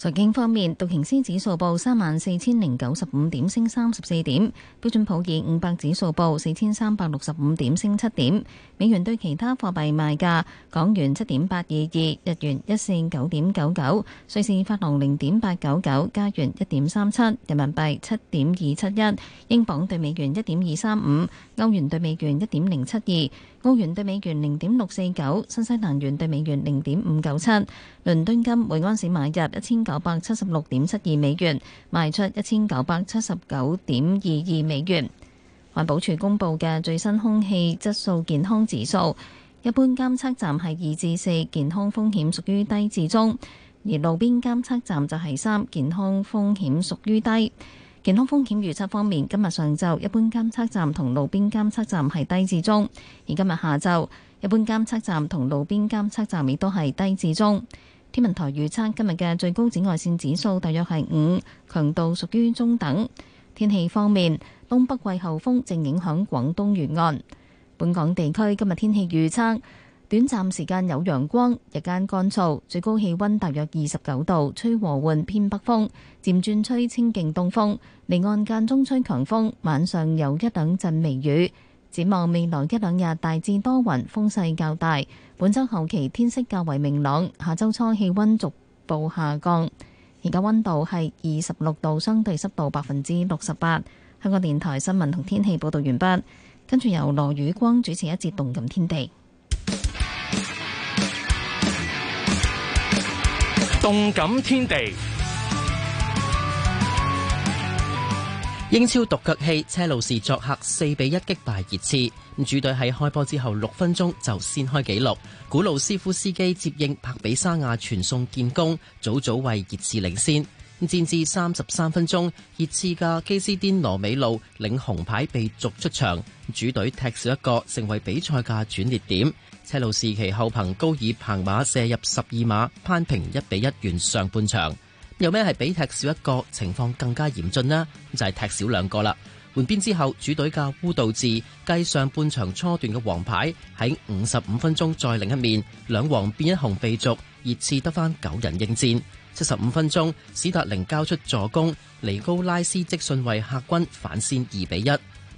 財經方面，道瓊斯指數報三萬四千零九十五點，升三十四點；標準普爾五百指數報四千三百六十五點，升七點。美元對其他貨幣賣價，港元七點八二二，日元一四九點九九，瑞士法郎零點八九九，加元一點三七，人民幣七點二七一，英鎊對美元一點二三五，歐元對美元一點零七二。澳元對美元零點六四九，新西蘭元對美元零點五九七，倫敦金每安士買入一千九百七十六點七二美元，賣出一千九百七十九點二二美元。環保署公布嘅最新空氣質素健康指數，一般監測站係二至四，健康風險屬於低至中；而路邊監測站就係三，健康風險屬於低。健康風險預測方面，今日上晝一般監測站同路邊監測站係低至中，而今日下晝一般監測站同路邊監測站亦都係低至中。天文台預測今日嘅最高紫外線指數大約係五，強度屬於中等。天氣方面，東北季候風正影響廣東沿岸，本港地區今日天氣預測。短暫時間有陽光，日間乾燥，最高氣溫大約二十九度，吹和緩偏北風，漸轉吹清勁東風，離岸間中吹強風。晚上有一兩陣微雨。展望未來一兩日，大致多雲，風勢較大。本周後期天色較為明朗，下周初氣溫逐步下降。而家溫度係二十六度，相對濕度百分之六十八。香港電台新聞同天氣報道完畢，跟住由羅宇光主持一節《動感天地》。動感天地，英超獨腳戲車路士作客四比一擊敗熱刺。主隊喺開波之後六分鐘就先開紀錄，古魯斯夫斯基接應帕比沙亞傳送建功，早早為熱刺領先。戰至三十三分鐘，熱刺嘅基斯甸羅美路領紅牌被逐出場，主隊踢少一個，成為比賽嘅轉捩點。車路士其後憑高爾彭馬射入十二碼，攀平一比一完上半場。有咩係比踢少一個情況更加嚴峻呢？就係、是、踢少兩個啦。換邊之後，主隊嘅烏道治繼上半場初段嘅黃牌喺五十五分鐘再領一面，兩黃變一紅被逐，熱刺得返九人應戰。七十五分鐘，史達寧交出助攻，尼高拉斯積遜為客軍反先二比一。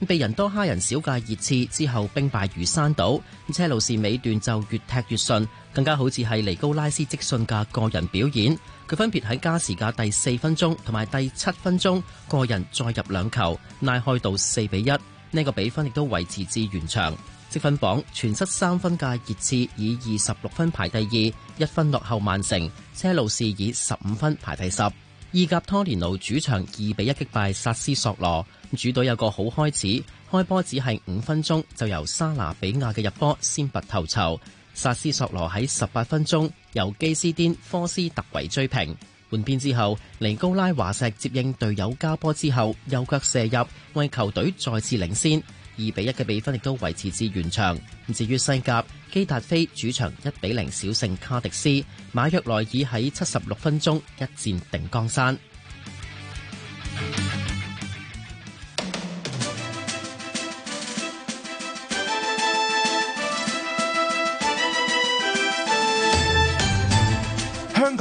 被人多蝦人少嘅熱刺之後兵敗如山倒，咁車路士尾段就越踢越順，更加好似係尼高拉斯積遜嘅個人表演。佢分別喺加時嘅第四分鐘同埋第七分鐘個人再入兩球，拉開到四比一。呢個比分亦都維持至完場。積分榜全失三分嘅熱刺以二十六分排第二，一分落後曼城。車路士以十五分排第十。意甲拖連奴主場二比一擊敗薩斯索羅。主隊有個好開始，開波只係五分鐘就由莎拿比亞嘅入波先拔頭籌。薩斯索羅喺十八分鐘由基斯甸科斯特維追平。換邊之後，尼高拉華石接應隊友加波之後，右腳射入，為球隊再次領先。二比一嘅比分亦都維持至完場。至於西甲，基達菲主場一比零小勝卡迪斯，馬約萊爾喺七十六分鐘一戰定江山。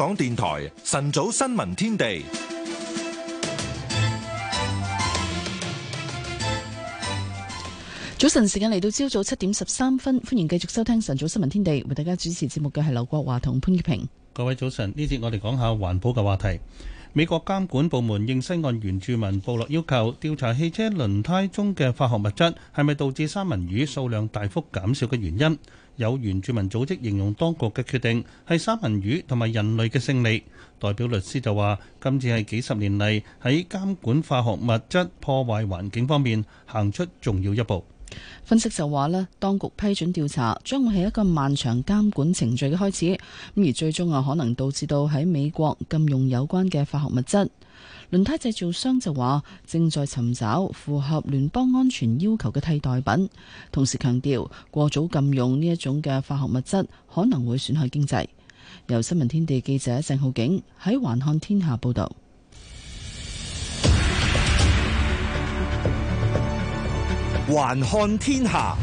港電台晨早新聞天地，早晨時間嚟到朝早七點十三分，歡迎繼續收聽晨早新聞天地，為大家主持節目嘅係劉國華同潘潔平。各位早晨，呢節我哋講下環保嘅話題。美國監管部門應西岸原住民部落要求，調查汽車輪胎中嘅化學物質係咪導致三文魚數量大幅減少嘅原因。有原住民組織形容當局嘅決定係三文魚同埋人類嘅勝利。代表律師就話，今次係幾十年嚟喺監管化學物質破壞環境方面行出重要一步。分析就話呢，當局批准調查，將會係一個漫長監管程序嘅開始，咁而最終啊，可能導致到喺美國禁用有關嘅化學物質。輪胎製造商就話正在尋找符合聯邦安全要求嘅替代品，同時強調過早禁用呢一種嘅化學物質可能會損害經濟。由新聞天地記者鄭浩景喺環看天下報道。環看天下。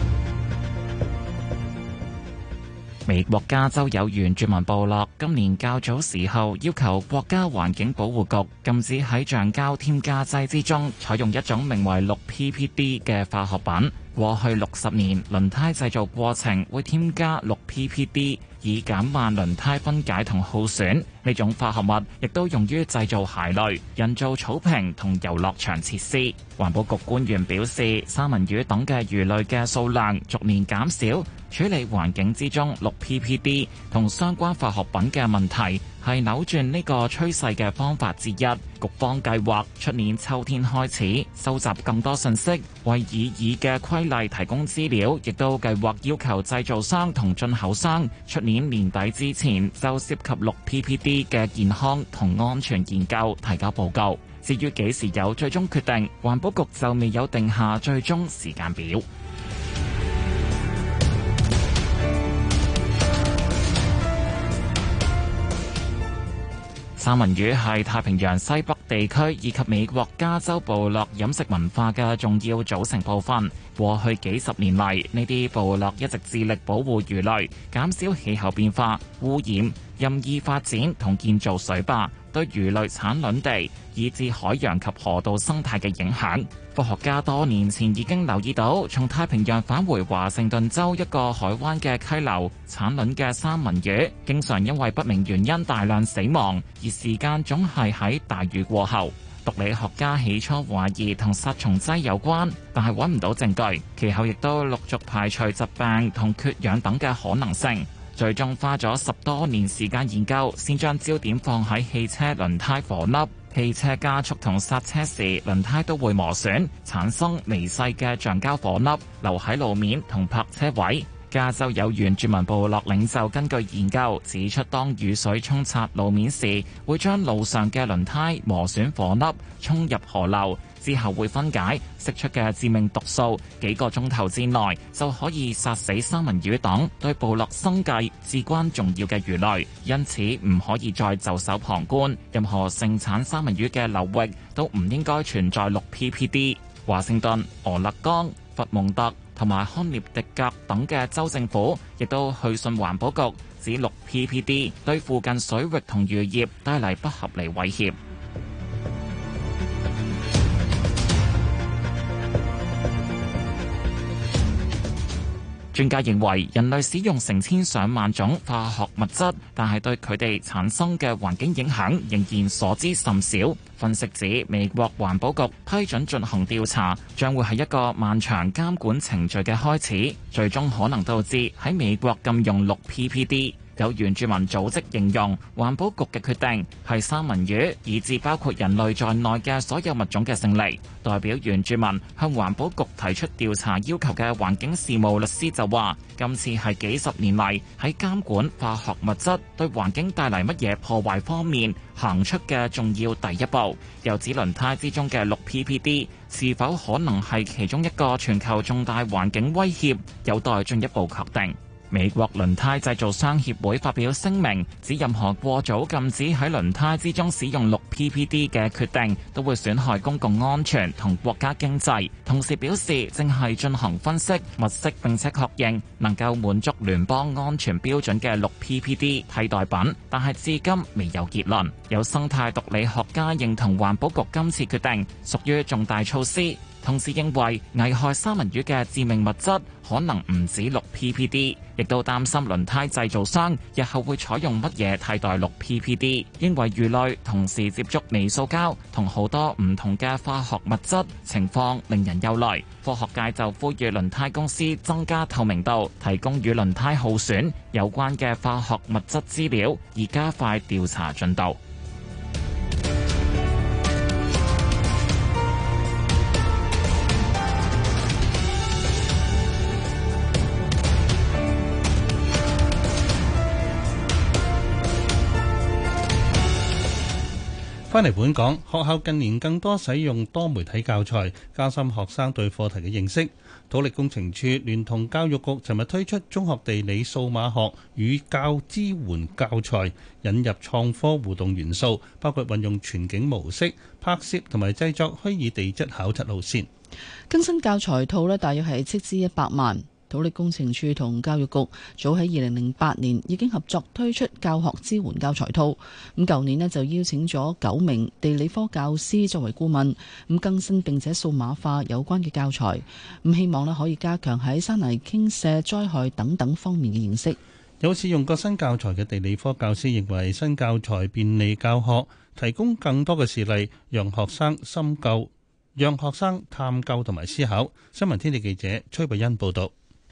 美國加州有原住民部落今年較早時候要求國家環境保護局禁止喺橡膠添加劑之中採用一種名為六 P P D 嘅化學品。過去六十年，輪胎製造過程會添加六 P P D 以減慢輪胎分解同耗損。呢種化學物亦都用於製造鞋類、人造草坪同遊樂場設施。環保局官員表示，三文魚等嘅魚類嘅數量逐年減少，處理環境之中六 P P D 同相關化學品嘅問題係扭轉呢個趨勢嘅方法之一。局方計劃出年秋天開始收集更多信息，為已議嘅規例提供資料，亦都計劃要求製造商同進口商出年年底之前就涉及六 P P D。嘅健康同安全研究提交報告，至於幾時有最終決定，環保局就未有定下最終時間表。三文魚係太平洋西北地區以及美國加州部落飲食文化嘅重要組成部分。過去幾十年嚟，呢啲部落一直致力保護魚類，減少氣候變化、污染、任意發展同建造水壩。對魚類產卵地以至海洋及河道生態嘅影響，科學家多年前已經留意到，從太平洋返回華盛頓州一個海灣嘅溪流產卵嘅三文魚，經常因為不明原因大量死亡，而時間總係喺大雨過後。毒理學家起初懷疑同殺蟲劑有關，但係揾唔到證據，其後亦都陸續排除疾病同缺氧等嘅可能性。最終花咗十多年時間研究，先將焦點放喺汽車輪胎火粒。汽車加速同剎車時，輪胎都會磨損，產生微細嘅橡膠火粒，留喺路面同泊車位。加州有原住民部落領袖根據研究指出，當雨水沖刷路面時，會將路上嘅輪胎磨損火粒冲入河流。之後會分解釋出嘅致命毒素，幾個鐘頭之內就可以殺死三文魚等對部落生計至關重要嘅魚類，因此唔可以再袖手旁觀。任何盛產三文魚嘅流域都唔應該存在六 P P D。華盛頓、俄勒岡、佛蒙特同埋康涅狄格等嘅州政府亦都去信環保局，指六 P P D 對附近水域同漁業帶嚟不合理威脅。專家認為，人類使用成千上萬種化學物質，但係對佢哋產生嘅環境影響仍然所知甚少。分析指，美國環保局批准進行調查，將會係一個漫長監管程序嘅開始，最終可能導致喺美國禁用六 PPD。有原住民組織形容，環保局嘅決定係三文魚以至包括人類在內嘅所有物種嘅勝利。代表原住民向環保局提出調查要求嘅環境事務律師就話：今次係幾十年嚟喺監管化學物質對環境帶嚟乜嘢破壞方面行出嘅重要第一步。又指輪胎之中嘅六 P P D 是否可能係其中一個全球重大環境威脅，有待進一步確定。美國輪胎製造商協會發表聲明，指任何過早禁止喺輪胎之中使用六 P P D 嘅決定，都會損害公共安全同國家經濟。同時表示，正係進行分析、物色並且確認能夠滿足聯邦安全標準嘅六 P P D 替代品，但係至今未有結論。有生態毒理學家認同環保局今次決定屬於重大措施。同時認為危害三文魚嘅致命物質可能唔止六 PPD，亦都擔心輪胎製造商日後會採用乜嘢替代六 PPD，因為魚類同時接觸微塑膠同好多唔同嘅化學物質，情況令人憂慮。科學界就呼籲輪胎公司增加透明度，提供與輪胎耗損有關嘅化學物質資料，而加快調查進度。翻嚟本港，學校近年更多使用多媒體教材，加深學生對課題嘅認識。土力工程處聯同教育局尋日推出中學地理數碼學與教支援教材，引入創科互動元素，包括運用全景模式拍攝同埋製作虛擬地質考察路線。更新教材套呢，大約係斥資一百萬。土力工程署同教育局早喺二零零八年已經合作推出教學支援教材套。咁舊年咧就邀請咗九名地理科教師作為顧問，咁更新並且數碼化有關嘅教材。咁希望咧可以加強喺山泥傾瀉災害等等方面嘅認識。有使用過新教材嘅地理科教師認為新教材便利教學，提供更多嘅事例，讓學生深究、讓學生探究同埋思考。新聞天地記者崔慧欣報道。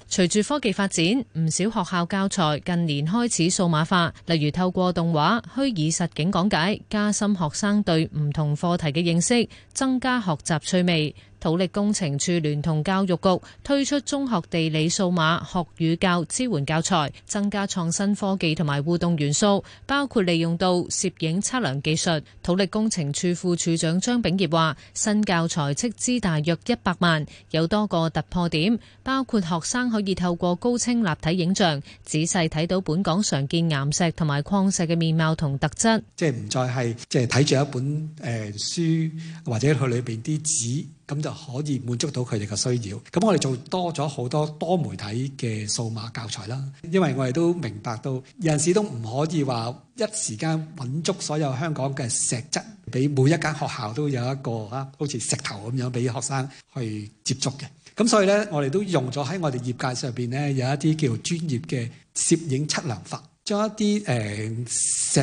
隨住科技發展，唔少學校教材近年開始數碼化，例如透過動畫、虛擬實境講解，加深學生對唔同課題嘅認識，增加學習趣味。土力工程處聯同教育局推出中學地理數碼學語教支援教材，增加創新科技同埋互動元素，包括利用到攝影測量技術。土力工程處副處長張炳業話，新教材斥資大約一百萬，有多個突破點，包括學生可以透過高清立體影像，仔細睇到本港常見岩石同埋礦石嘅面貌同特質，即係唔再係即係睇住一本誒書或者去裏邊啲紙。咁就可以滿足到佢哋嘅需要。咁我哋做多咗好多多媒體嘅數碼教材啦。因為我哋都明白到有陣時都唔可以話一時間揾足所有香港嘅石質，俾每一間學校都有一個啊，好似石頭咁樣俾學生去接觸嘅。咁所以咧，我哋都用咗喺我哋業界上邊咧，有一啲叫專業嘅攝影測量法，將一啲誒、呃、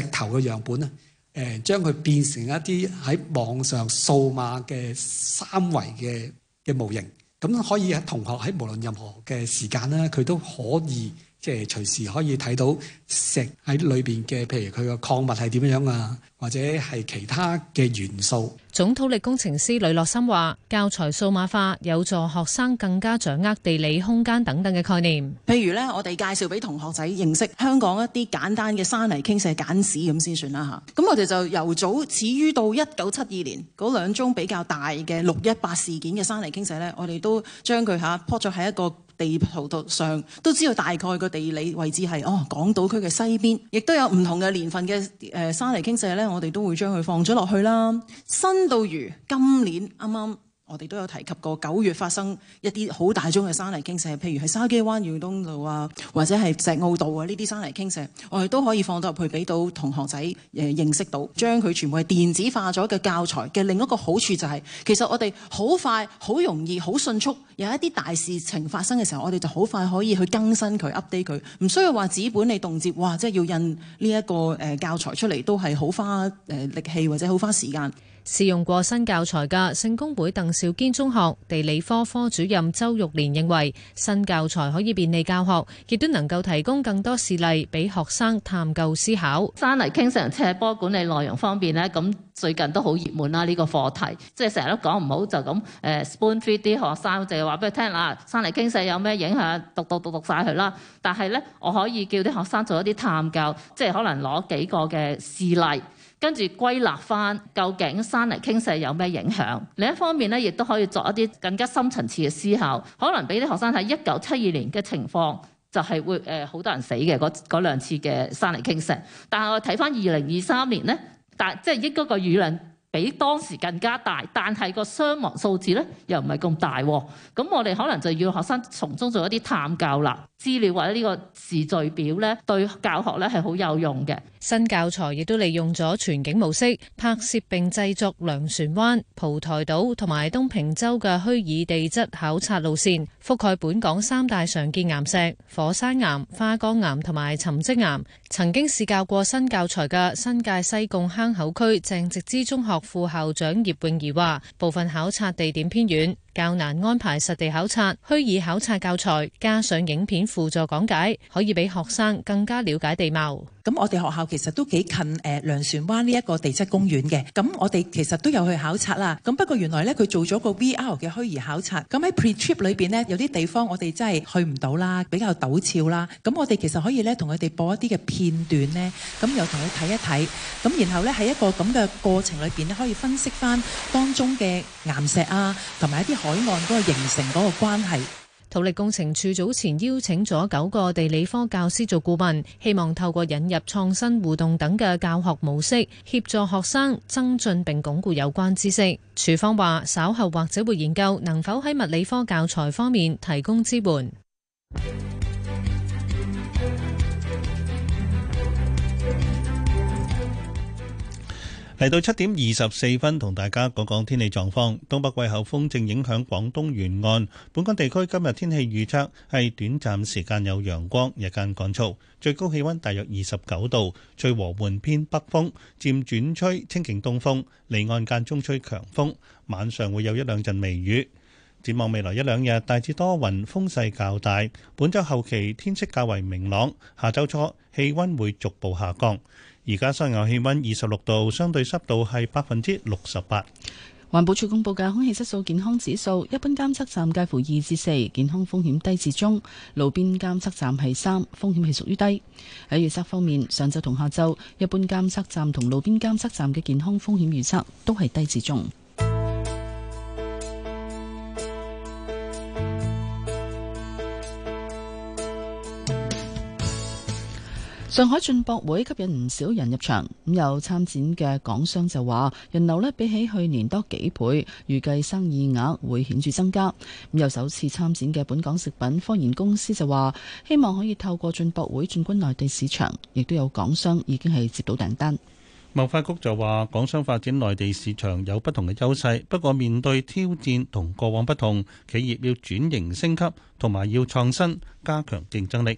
石頭嘅樣本啊。誒將佢變成一啲喺網上數碼嘅三維嘅嘅模型，咁可以喺同學喺無論任何嘅時間啦，佢都可以即係隨時可以睇到石喺裏邊嘅，譬如佢個礦物係點樣啊，或者係其他嘅元素。總土力工程師呂樂森話：教材數碼化有助學生更加掌握地理空間等等嘅概念。譬如呢，我哋介紹俾同學仔認識香港一啲簡單嘅山泥傾瀉簡史咁先算啦，吓。咁我哋就由早始於到一九七二年嗰兩宗比較大嘅六一八事件嘅山泥傾瀉呢，我哋都將佢吓鋪咗喺一個地圖度上，都知道大概個地理位置係哦，港島區嘅西邊。亦都有唔同嘅年份嘅誒、呃、山泥傾瀉呢，我哋都會將佢放咗落去啦。新到如今年啱啱我哋都有提及過九月發生一啲好大宗嘅山泥傾瀉，譬如喺沙基灣耀東道啊，或者係石澳道啊呢啲山泥傾瀉，我哋都可以放到入去，俾到同學仔誒認識到，將佢全部係電子化咗嘅教材嘅另一個好處就係、是，其實我哋好快、好容易、好迅速有一啲大事情發生嘅時候，我哋就好快可以去更新佢 update 佢，唔需要話紙本你凍接哇，即、就、係、是、要印呢一個誒教材出嚟都係好花誒力氣或者好花時間。試用過新教材嘅聖公會鄧肇堅中學地理科科主任周玉蓮認為，新教材可以便利教學，亦都能夠提供更多事例俾學生探究思考。山泥傾瀉斜坡管理內容方面呢，咁最近都好熱門啦呢、呢個課題，即係成日都講唔好就咁誒、呃、spoon feed 啲學生就話俾佢聽啦，山泥傾瀉有咩影響，讀讀讀讀晒佢啦。但係呢，我可以叫啲學生做一啲探究，即係可能攞幾個嘅事例。跟住歸納翻究竟山泥傾瀉有咩影響。另一方面咧，亦都可以作一啲更加深層次嘅思考。可能俾啲學生睇一九七二年嘅情況，就係會誒好多人死嘅嗰兩次嘅山泥傾瀉。但係我睇翻二零二三年咧，但即係億嗰個雨量比當時更加大，但係個傷亡數字咧又唔係咁大。咁我哋可能就要學生從中做一啲探究啦。資料或者呢個時序表呢，對教學呢係好有用嘅。新教材亦都利用咗全景模式拍攝並製作糧船灣、蒲台島同埋東平洲嘅虛擬地質考察路線，覆蓋本港三大常見岩石：火山岩、花崗岩同埋沉積岩。曾經試教過新教材嘅新界西貢坑口區鄭植之中學副校長葉穎儀話：部分考察地點偏遠，較難安排實地考察。虛擬考察教材加上影片。輔助講解可以俾學生更加了解地貌。咁我哋學校其實都幾近誒糧船灣呢一個地質公園嘅。咁我哋其實都有去考察啦。咁不過原來呢，佢做咗個 VR 嘅虛擬考察。咁喺 pre-trip 裏邊呢，有啲地方我哋真係去唔到啦，比較陡峭啦。咁我哋其實可以呢，同佢哋播一啲嘅片段呢，咁又同佢睇一睇。咁然後呢，喺一個咁嘅過程裏邊呢，可以分析返當中嘅岩石啊，同埋一啲海岸嗰個形成嗰個關係。土力工程處早前邀請咗九個地理科教師做顧問，希望透過引入創新互動等嘅教學模式，協助學生增進並鞏固有關知識。處方話稍後或者會研究能否喺物理科教材方面提供支援。嚟到七點二十四分，同大家講講天氣狀況。東北季候風正影響廣東沿岸，本港地區今日天氣預測係短暫時間有陽光，日間乾燥，最高氣溫大約二十九度，吹和緩偏北風，漸轉吹清勁東風，離岸間中吹強風，晚上會有一兩陣微雨。展望未來一兩日，大致多雲，風勢較大。本周後期天色較為明朗，下周初氣溫會逐步下降。而家室外氣温二十六度，相對濕度係百分之六十八。環保署公布嘅空氣質素健康指數，一般監測站介乎二至四，健康風險低至中；路邊監測站係三，風險係屬於低。喺預測方面，上晝同下晝一般監測站同路邊監測站嘅健康風險預測都係低至中。上海進博會吸引唔少人入場，咁有參展嘅港商就話人流咧比起去年多幾倍，預計生意額會顯著增加。咁有首次參展嘅本港食品科研公司就話希望可以透過進博會進軍內地市場，亦都有港商已經係接到訂單。貿發局就話港商發展內地市場有不同嘅優勢，不過面對挑戰同過往不同，企業要轉型升級同埋要創新，加強競爭力。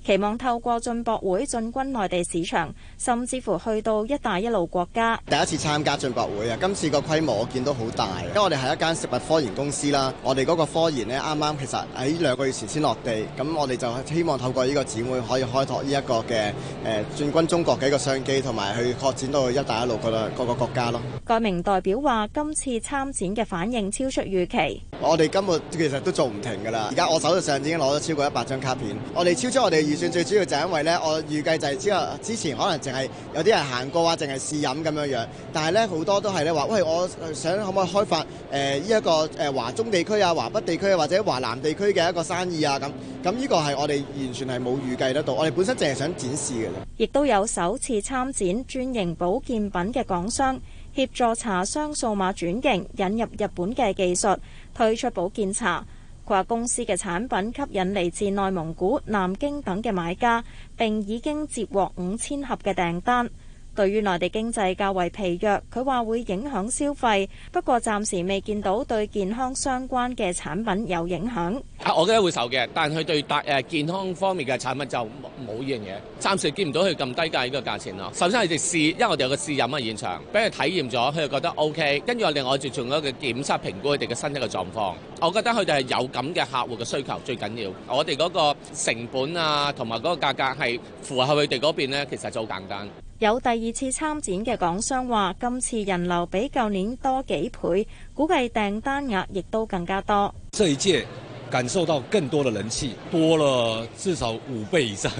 期望透過進博會進軍內地市場，甚至乎去到「一帶一路」國家。第一次參加進博會啊！今次個規模我見到好大，因為我哋係一間食物科研公司啦。我哋嗰個科研呢，啱啱其實喺兩個月前先落地。咁我哋就希望透過呢個展會，可以開拓呢一個嘅誒、欸、進軍中國嘅一個商機，同埋去擴展到「一帶一路」各個國家咯。該名代表話：今次參展嘅反應超出預期。我哋今日其實都做唔停㗎喇，而家我手上已經攞咗超過一百張卡片。我哋超出我哋。預算最主要就係因為咧，我預計就係之後之前可能淨係有啲人行過啊，淨係試飲咁樣樣。但係咧好多都係咧話，喂，我想可唔可以開發誒呢一個誒華中地區啊、華北地區啊、或者華南地區嘅一個生意啊？咁咁呢個係我哋完全係冇預計得到。我哋本身淨係想展示嘅。亦都有首次參展轉型保健品嘅港商協助茶商數碼轉型，引入日本嘅技術，推出保健茶。話公司嘅產品吸引嚟自內蒙古、南京等嘅買家，並已經接獲五千盒嘅訂單。對於內地經濟較為疲弱，佢話會影響消費，不過暫時未見到對健康相關嘅產品有影響。啊，我覺得會受嘅，但佢對大誒健康方面嘅產品就冇呢樣嘢。暫時見唔到佢咁低價呢個價錢咯。首先係試，因為我哋有個試飲啊現場，俾佢體驗咗，佢就覺得 OK，跟住我哋我哋仲有一個檢測評估佢哋嘅身體嘅狀況。我覺得佢哋係有咁嘅客戶嘅需求。最緊要，我哋嗰個成本啊，同埋嗰個價格係符合佢哋嗰邊咧，其實就好簡單。有第二次參展嘅港商話，今次人流比舊年多幾倍，估計訂單額亦都更加多。這一屆感受到更多的人氣，多了至少五倍以上，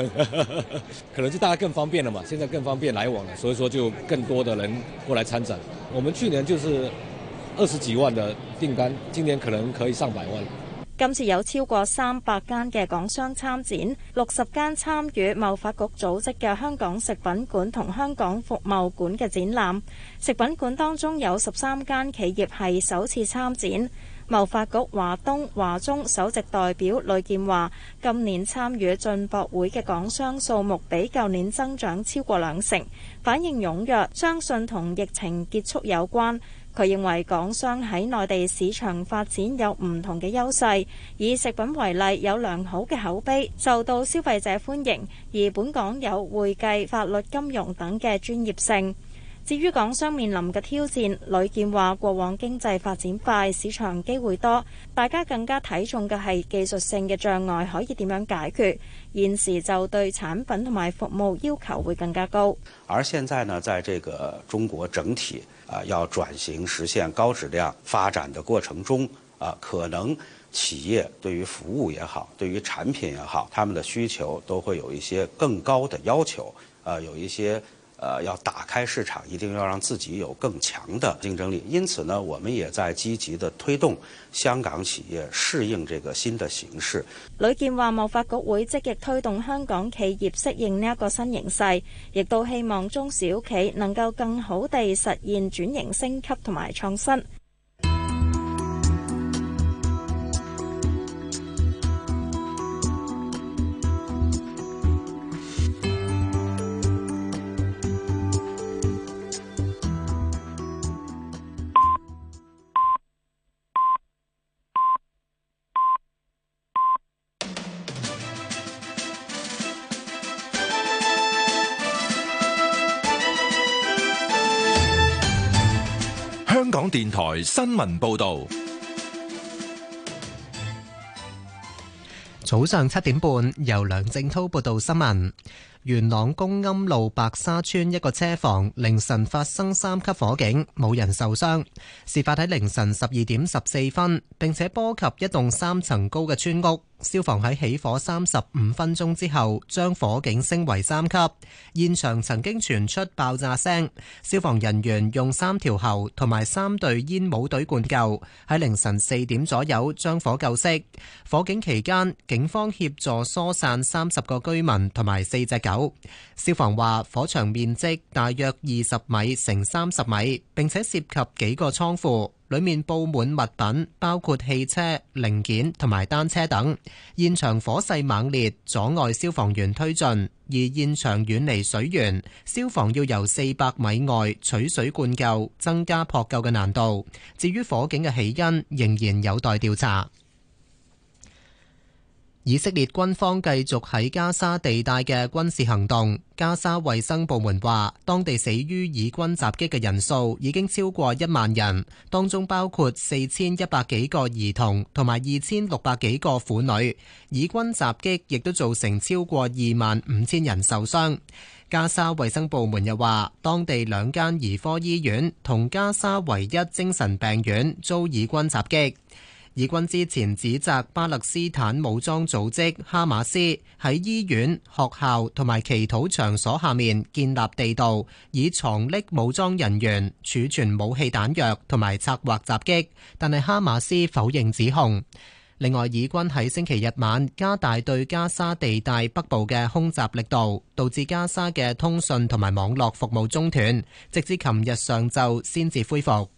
可能就大家更方便了嘛。現在更方便來往了，所以說就更多的人過來參展。我們去年就是二十幾萬的訂單，今年可能可以上百萬。今次有超過三百間嘅港商參展，六十間參與貿發局組織嘅香港食品館同香港服務館嘅展覽。食品館當中有十三間企業係首次參展。貿發局華東、華中首席代表呂建華話：今年參與進博會嘅港商數目比舊年增長超過兩成，反應踴躍，相信同疫情結束有關。佢認為港商喺內地市場發展有唔同嘅優勢，以食品為例，有良好嘅口碑，受到消費者歡迎，而本港有會計、法律、金融等嘅專業性。至於港商面臨嘅挑戰，呂建話：過往經濟發展快，市場機會多，大家更加睇重嘅係技術性嘅障礙可以點樣解決。現時就對產品同埋服務要求會更加高。而現在呢，在這個中國整體啊、呃、要轉型、實現高質量發展的過程中，啊、呃、可能企業對於服務也好，對於產品也好，他們的需求都會有一些更高的要求，啊、呃、有一些。呃，要打開市場，一定要讓自己有更強的競爭力。因此呢，我們也在積極地推動香港企業適應這個新的形勢。呂建華，貿發局會積極推動香港企業適應呢一個新形勢，亦都希望中小企能夠更好地實現轉型升級同埋創新。台新聞報道，早上七點半，由梁正滔報道新聞。元朗公庵路白沙村一個車房凌晨發生三級火警，冇人受傷。事發喺凌晨十二點十四分，並且波及一棟三層高嘅村屋。消防喺起火三十五分鐘之後將火警升為三級，現場曾經傳出爆炸聲。消防人員用三條喉同埋三隊煙帽隊灌救，喺凌晨四點左右將火救熄。火警期間，警方協助疏散三十個居民同埋四隻狗。消防話，火場面積大約二十米乘三十米，並且涉及幾個倉庫，裏面佈滿物品，包括汽車零件同埋單車等。現場火勢猛烈，阻礙消防員推進，而現場遠離水源，消防要由四百米外取水灌救，增加撲救嘅難度。至於火警嘅起因，仍然有待調查。以色列軍方繼續喺加沙地帶嘅軍事行動。加沙衛生部門話，當地死於以軍襲擊嘅人數已經超過一萬人，當中包括四千一百幾個兒童同埋二千六百幾個婦女。以軍襲擊亦都造成超過二萬五千人受傷。加沙衛生部門又話，當地兩間兒科醫院同加沙唯一精神病院遭以軍襲擊。以軍之前指責巴勒斯坦武裝組織哈馬斯喺醫院、學校同埋祈禱場所下面建立地道，以藏匿武裝人員、儲存武器彈藥同埋策劃襲擊。但係哈馬斯否認指控。另外，以軍喺星期日晚加大對加沙地帶北部嘅空襲力度，導致加沙嘅通訊同埋網絡服務中斷，直至琴日上晝先至恢復。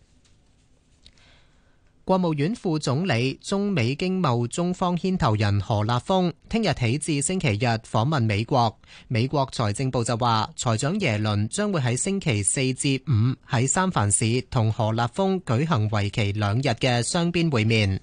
國務院副總理、中美經貿中方牽頭人何立峰聽日起至星期日訪問美國。美國財政部就話，財長耶倫將會喺星期四至五喺三藩市同何立峰舉行為期兩日嘅雙邊會面。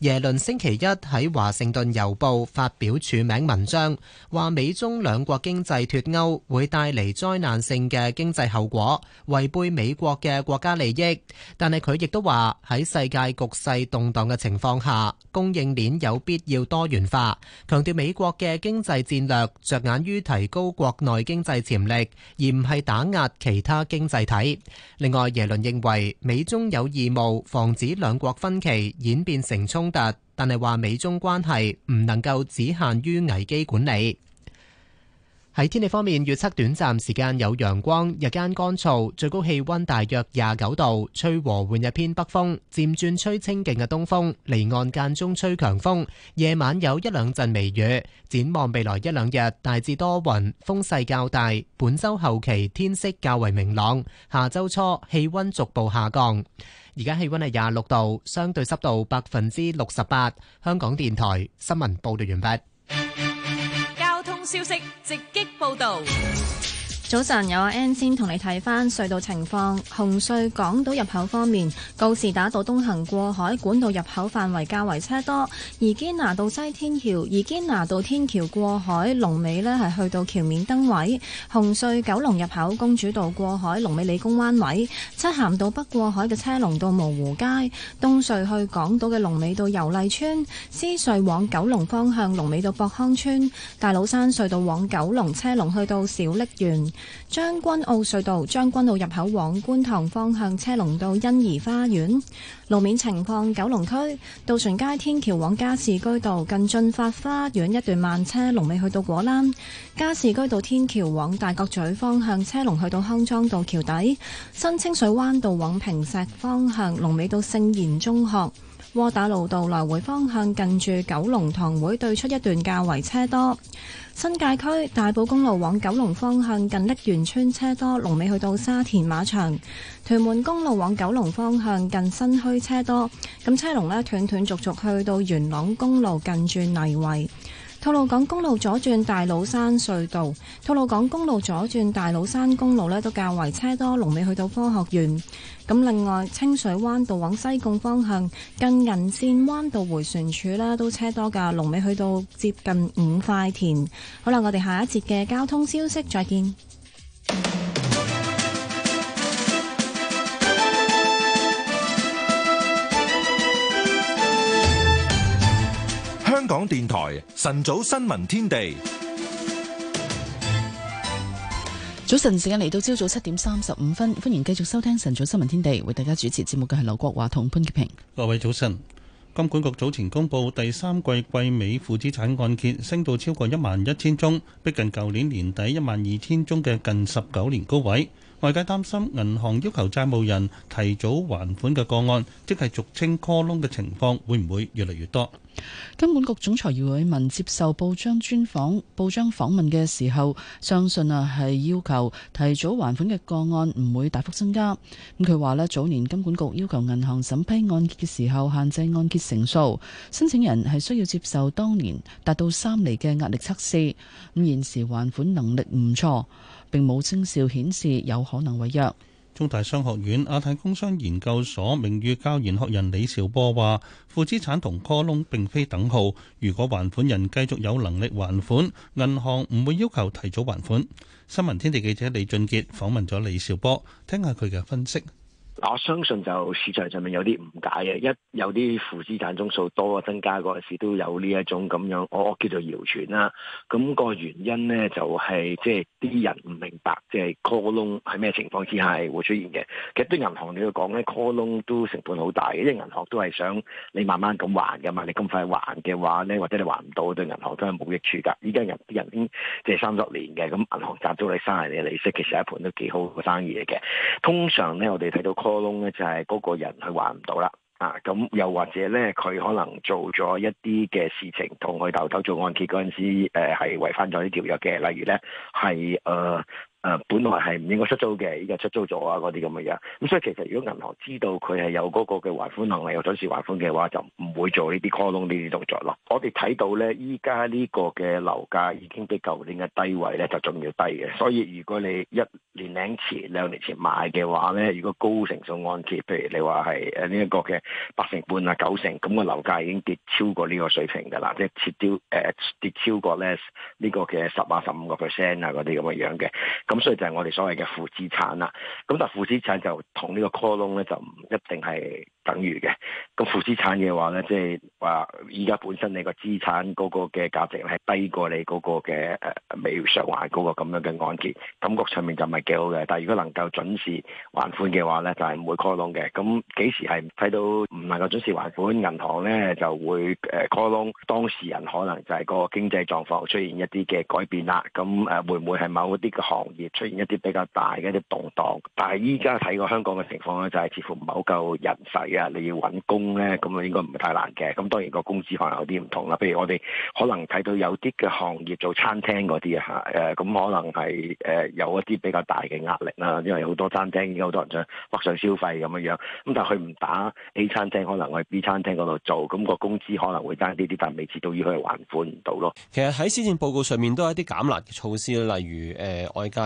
耶倫星期一喺華盛頓郵報發表署名文章，話美中兩國經濟脫鉤會帶嚟災難性嘅經濟後果，違背美國嘅國家利益。但係佢亦都話喺世界局勢動盪嘅情況下，供應鏈有必要多元化。強調美國嘅經濟戰略着眼於提高國內經濟潛力，而唔係打壓其他經濟體。另外，耶倫認為美中有義務防止兩國分歧演變成衝。但係話美中關係唔能夠只限於危機管理。喺天氣方面，預測短暫時間有陽光，日間乾燥，最高氣溫大約廿九度，吹和緩日偏北風，漸轉吹清勁嘅東風，離岸間中吹強風，夜晚有一兩陣微雨。展望未來一兩日大致多雲，風勢較大。本周後期天色較為明朗，下周初氣溫逐步下降。而家氣溫係廿六度，相對濕度百分之六十八。香港電台新聞報道完畢。交通消息直擊報道。早晨，有阿 Ann 先同你睇返隧道情況。紅隧港島入口方面，告士打道東行過海管道入口範圍較為車多；而堅拿道西天橋、而堅拿道天橋過海龍尾呢係去到橋面燈位。紅隧九龍入口公主道過海龍尾理工灣位，漆咸道北過海嘅車龍到蕪湖街，東隧去港島嘅龍尾到油麗村，獅隧往九龍方向龍尾到博康村，大老山隧道往九龍車龍去到小瀝源。將軍澳隧道將軍澳入口往觀塘方向車龍到欣宜花園，路面情況。九龍區渡船街天橋往加士居道近駿發花園一段慢車龍尾去到果欄，加士居道天橋往大角咀方向車龍去到康莊道橋底，新清水灣道往坪石方向龍尾到聖賢中學。窩打路道來回方向近住九龍塘會對出一段較為車多，新界區大埔公路往九龍方向近瀝源村車多，龍尾去到沙田馬場；屯門公路往九龍方向近新墟車多，咁車龍呢，斷斷續續去到元朗公路近住泥圍。吐露港公路左轉大老山隧道，吐露港公路左轉大老山公路咧都較為車多，龍尾去到科學園。咁另外，清水灣道往西貢方向近銀線灣道回旋處咧都車多噶，龍尾去到接近五塊田。好啦，我哋下一節嘅交通消息再見。港電台晨早新聞天地，早晨時間嚟到，朝早七點三十五分，歡迎繼續收聽晨早新聞天地，為大家主持節目嘅係劉國華同潘潔平。各位早晨，金管局早前公布第三季季尾負資產案件升到超過一萬一千宗，逼近舊年年底一萬二千宗嘅近十九年高位。外界擔心銀行要求債務人提早還款嘅個案，即係俗稱 call loan 嘅情況，會唔會越嚟越多？金管局總裁余偉文接受報章專訪，報章訪問嘅時候，相信啊係要求提早還款嘅個案唔會大幅增加。咁佢話咧，早年金管局要求銀行審批按揭嘅時候，限制按揭成數，申請人係需要接受當年達到三厘嘅壓力測試。咁現時還款能力唔錯。並冇徵兆顯示有可能違約。中大商學院亞太工商研究所名譽教研學人李兆波話：負資產同拖窿並非等號。如果還款人繼續有能力還款，銀行唔會要求提早還款。新聞天地記者李俊傑訪問咗李兆波，聽下佢嘅分析。我相信就市場上面有啲誤解嘅，一有啲負資產宗數多增加嗰陣時，都有呢一種咁樣，我我叫做謠傳啦。咁、那個原因咧就係、是、即係啲人唔明白，即係 call loan 係咩情況之下會出現嘅。其實對銀行你要講咧 call loan 都成本好大嘅，因為銀行都係想你慢慢咁還嘅嘛。你咁快還嘅話咧，或者你還唔到，對銀行都係冇益處㗎。依家人人已經借三，年三十年嘅，咁銀行集資嚟生下嘅利息，其實一盤都幾好嘅生意嚟嘅。通常咧，我哋睇到多窿咧就係嗰個人佢還唔到啦，啊咁又或者咧佢可能做咗一啲嘅事情，同佢頭頭做按揭，嗰陣時，誒係違反咗啲條約嘅，例如咧係誒。誒、呃，本來係唔應該出租嘅，依家出租咗啊，嗰啲咁嘅樣。咁所以其實如果銀行知道佢係有嗰個嘅還款能力，有準時還款嘅話，就唔會做呢啲 call loan 呢啲動作啦。我哋睇到咧，依家呢個嘅樓價已經比舊年嘅低位咧就仲要低嘅。所以如果你一年零前兩年前買嘅話咧，如果高成數按揭，譬如你話係誒呢一個嘅八成半啊九成，咁、個樓價已經跌超，呃、超過呢、呢個水平㗎啦，即係跌超誒跌超過咧呢個嘅十啊十五個 percent 啊嗰啲咁嘅樣嘅。咁所以就係我哋所謂嘅負資產啦。咁但係負資產就同呢個 call loan 咧就唔一定係。等於嘅，咁負資產嘅話咧，即係話依家本身你個資產嗰個嘅價值係低過你嗰個嘅誒未償還嗰個咁樣嘅按揭，感覺上面就唔係幾好嘅。但係如果能夠準時還款嘅話咧，就係唔會 call loan 嘅。咁幾時係睇到唔能夠準時還款，銀行咧就會誒 call loan，當事人可能就係個經濟狀況出現一啲嘅改變啦。咁誒會唔會係某一啲嘅行業出現一啲比較大嘅一啲動蕩？但係依家睇過香港嘅情況咧，就係、是、似乎唔係好夠人世。啊！你要揾工咧，咁啊應該唔係太難嘅。咁當然個工資可能有啲唔同啦。譬如我哋可能睇到有啲嘅行業做餐廳嗰啲啊嚇，誒、呃、咁可能係誒有一啲比較大嘅壓力啦。因為好多餐廳已經好多人想北上消費咁樣樣。咁但係佢唔打 A 餐廳，可能去 B 餐廳嗰度做，咁個工資可能會差啲啲，但未至到都要佢還款唔到咯。其實喺施政報告上面都有一啲減壓嘅措施，例如誒外界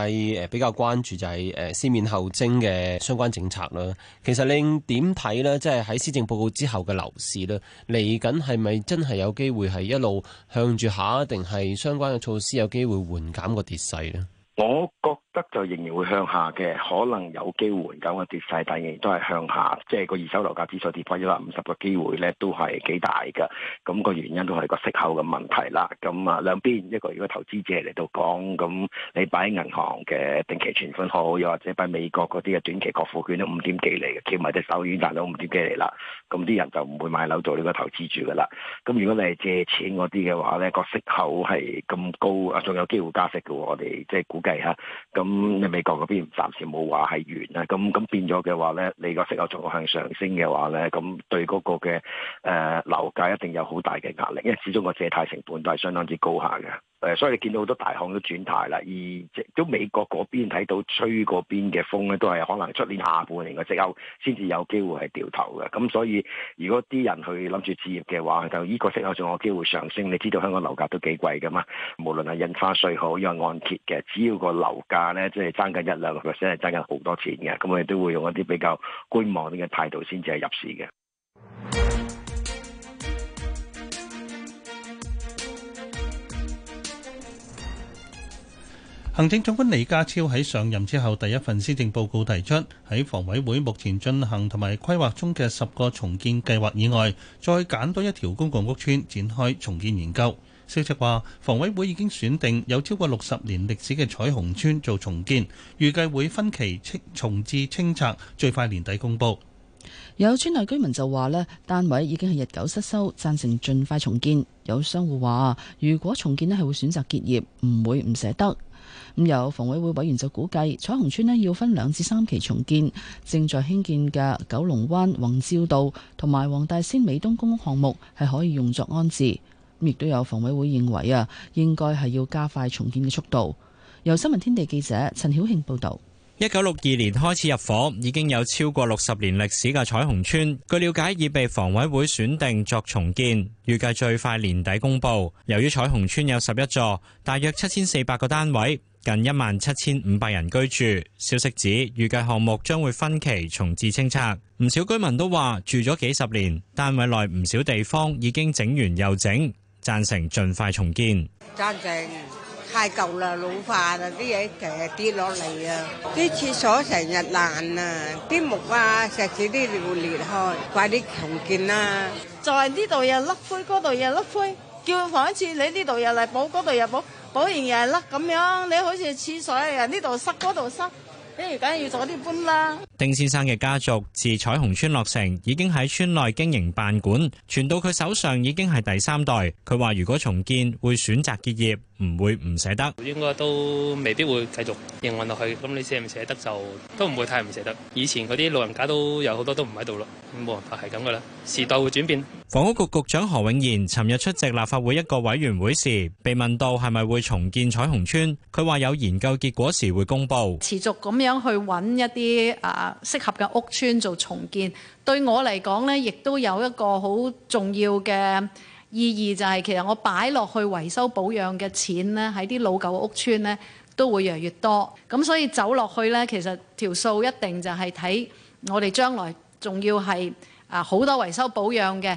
誒比較關注就係誒先免後徵嘅相關政策啦。其實你點睇咧？即係喺施政報告之後嘅樓市咧，嚟緊係咪真係有機會係一路向住下，定係相關嘅措施有機會緩減個跌勢咧？我覺 得就仍然會向下嘅，可能有機會咁啊跌勢，但仍然都係向下。即係個二手樓價指數跌返咗百五十嘅機會咧，都係幾大㗎。咁個原因都係個息口嘅問題啦。咁啊兩邊一個如果投資者嚟到講，咁你擺喺銀行嘅定期存款好，又或者擺美國嗰啲嘅短期國庫券都五點幾厘嘅，攜埋隻手遠賺到五點幾厘啦。咁啲人就唔會買樓做呢個投資住噶啦。咁如果你係借錢嗰啲嘅話咧，個息口係咁高啊，仲有機會加息嘅喎。我哋即係估計嚇咁你、嗯、美國嗰邊暫時冇話係完啊，咁咁變咗嘅話咧，你個息率逐個向上升嘅話咧，咁對嗰個嘅誒、呃、樓價一定有好大嘅壓力，因為始終個借貸成本都係相當之高下嘅。誒，所以你見到好多大行都轉態啦，而即都美國嗰邊睇到吹嗰邊嘅風咧，都係可能出年下半年個息口先至有機會係掉頭嘅。咁所以，如果啲人去諗住置業嘅話，就依個息口仲有機會上升。你知道香港樓價都幾貴噶嘛，無論係印花稅好因為按揭嘅，只要個樓價咧即係爭緊一兩個 percent，係爭緊好多錢嘅，咁我哋都會用一啲比較觀望啲嘅態度先至係入市嘅。行政長官李家超喺上任之後第一份施政報告提出，喺房委會目前進行同埋規劃中嘅十個重建計劃以外，再揀多一條公共屋邨展開重建研究。消息話，房委會已經選定有超過六十年歷史嘅彩虹邨做重建，預計會分期清重置清拆，最快年底公佈。有村內居民就話咧，單位已經係日久失修，贊成盡快重建。有商戶話，如果重建咧，係會選擇結業，唔會唔捨得。咁有房委會委員就估計彩虹村呢，要分兩至三期重建，正在興建嘅九龍灣宏照道同埋黃大仙美東公屋項目係可以用作安置，亦都有房委會認為啊，應該係要加快重建嘅速度。由新聞天地記者陳曉慶報道。一九六二年開始入伙，已經有超過六十年歷史嘅彩虹村，據了解，已被房委會選定作重建，預計最快年底公布。由於彩虹村有十一座，大約七千四百個單位，近一萬七千五百人居住。消息指，預計項目將會分期重置清拆。唔少居民都話住咗幾十年，單位內唔少地方已經整完又整，贊成盡快重建。贊成。太舊啦，老化啦啲嘢，成日跌落嚟啊！啲廁所成日爛啊！啲木啊、石屎啲料裂開，快啲重建啦！就係呢度又甩灰，嗰度又甩灰，叫翻一次你呢度又嚟補，嗰度又補，補完又係甩咁樣。你好似廁所又呢度塞，嗰度塞，不如緊要早啲搬啦。丁先生嘅家族自彩虹村落成，已經喺村內經營辦館，傳到佢手上已經係第三代。佢話：如果重建，會選擇結業。唔會唔捨得，應該都未必會繼續營運落去。咁你捨唔捨得就都唔會太唔捨得。以前嗰啲老人家都有好多都唔喺度咯，冇辦法係咁噶啦。時代會轉變。房屋局局長何永賢尋日出席立法會一個委員會時，被問到係咪會重建彩虹村，佢話有研究結果時會公布。持續咁樣去揾一啲啊適合嘅屋村做重建，對我嚟講呢，亦都有一個好重要嘅。意義就係，其實我擺落去維修保養嘅錢呢，喺啲老舊屋村呢，都會越嚟越多，咁所以走落去呢，其實條數一定就係睇我哋將來仲要係啊好多維修保養嘅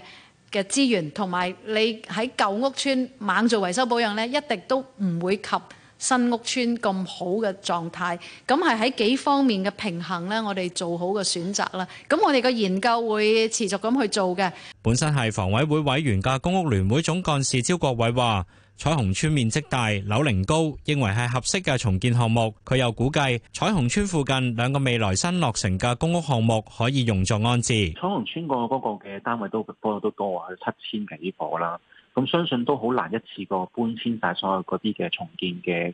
嘅資源，同埋你喺舊屋村猛做維修保養呢，一定都唔會及新屋村咁好嘅狀態，咁係喺幾方面嘅平衡呢？我哋做好嘅選擇啦。咁我哋嘅研究會持續咁去做嘅。本身係房委會委員嘅公屋聯會總幹事招國偉話，彩虹村面積大，樓齡高，認為係合適嘅重建項目。佢又估計彩虹村附近兩個未來新落成嘅公屋項目可以用作安置。彩虹村個嗰個嘅單位都多都多啊，七千幾個啦。咁相信都好難一次過搬遷晒所有嗰啲嘅重建嘅誒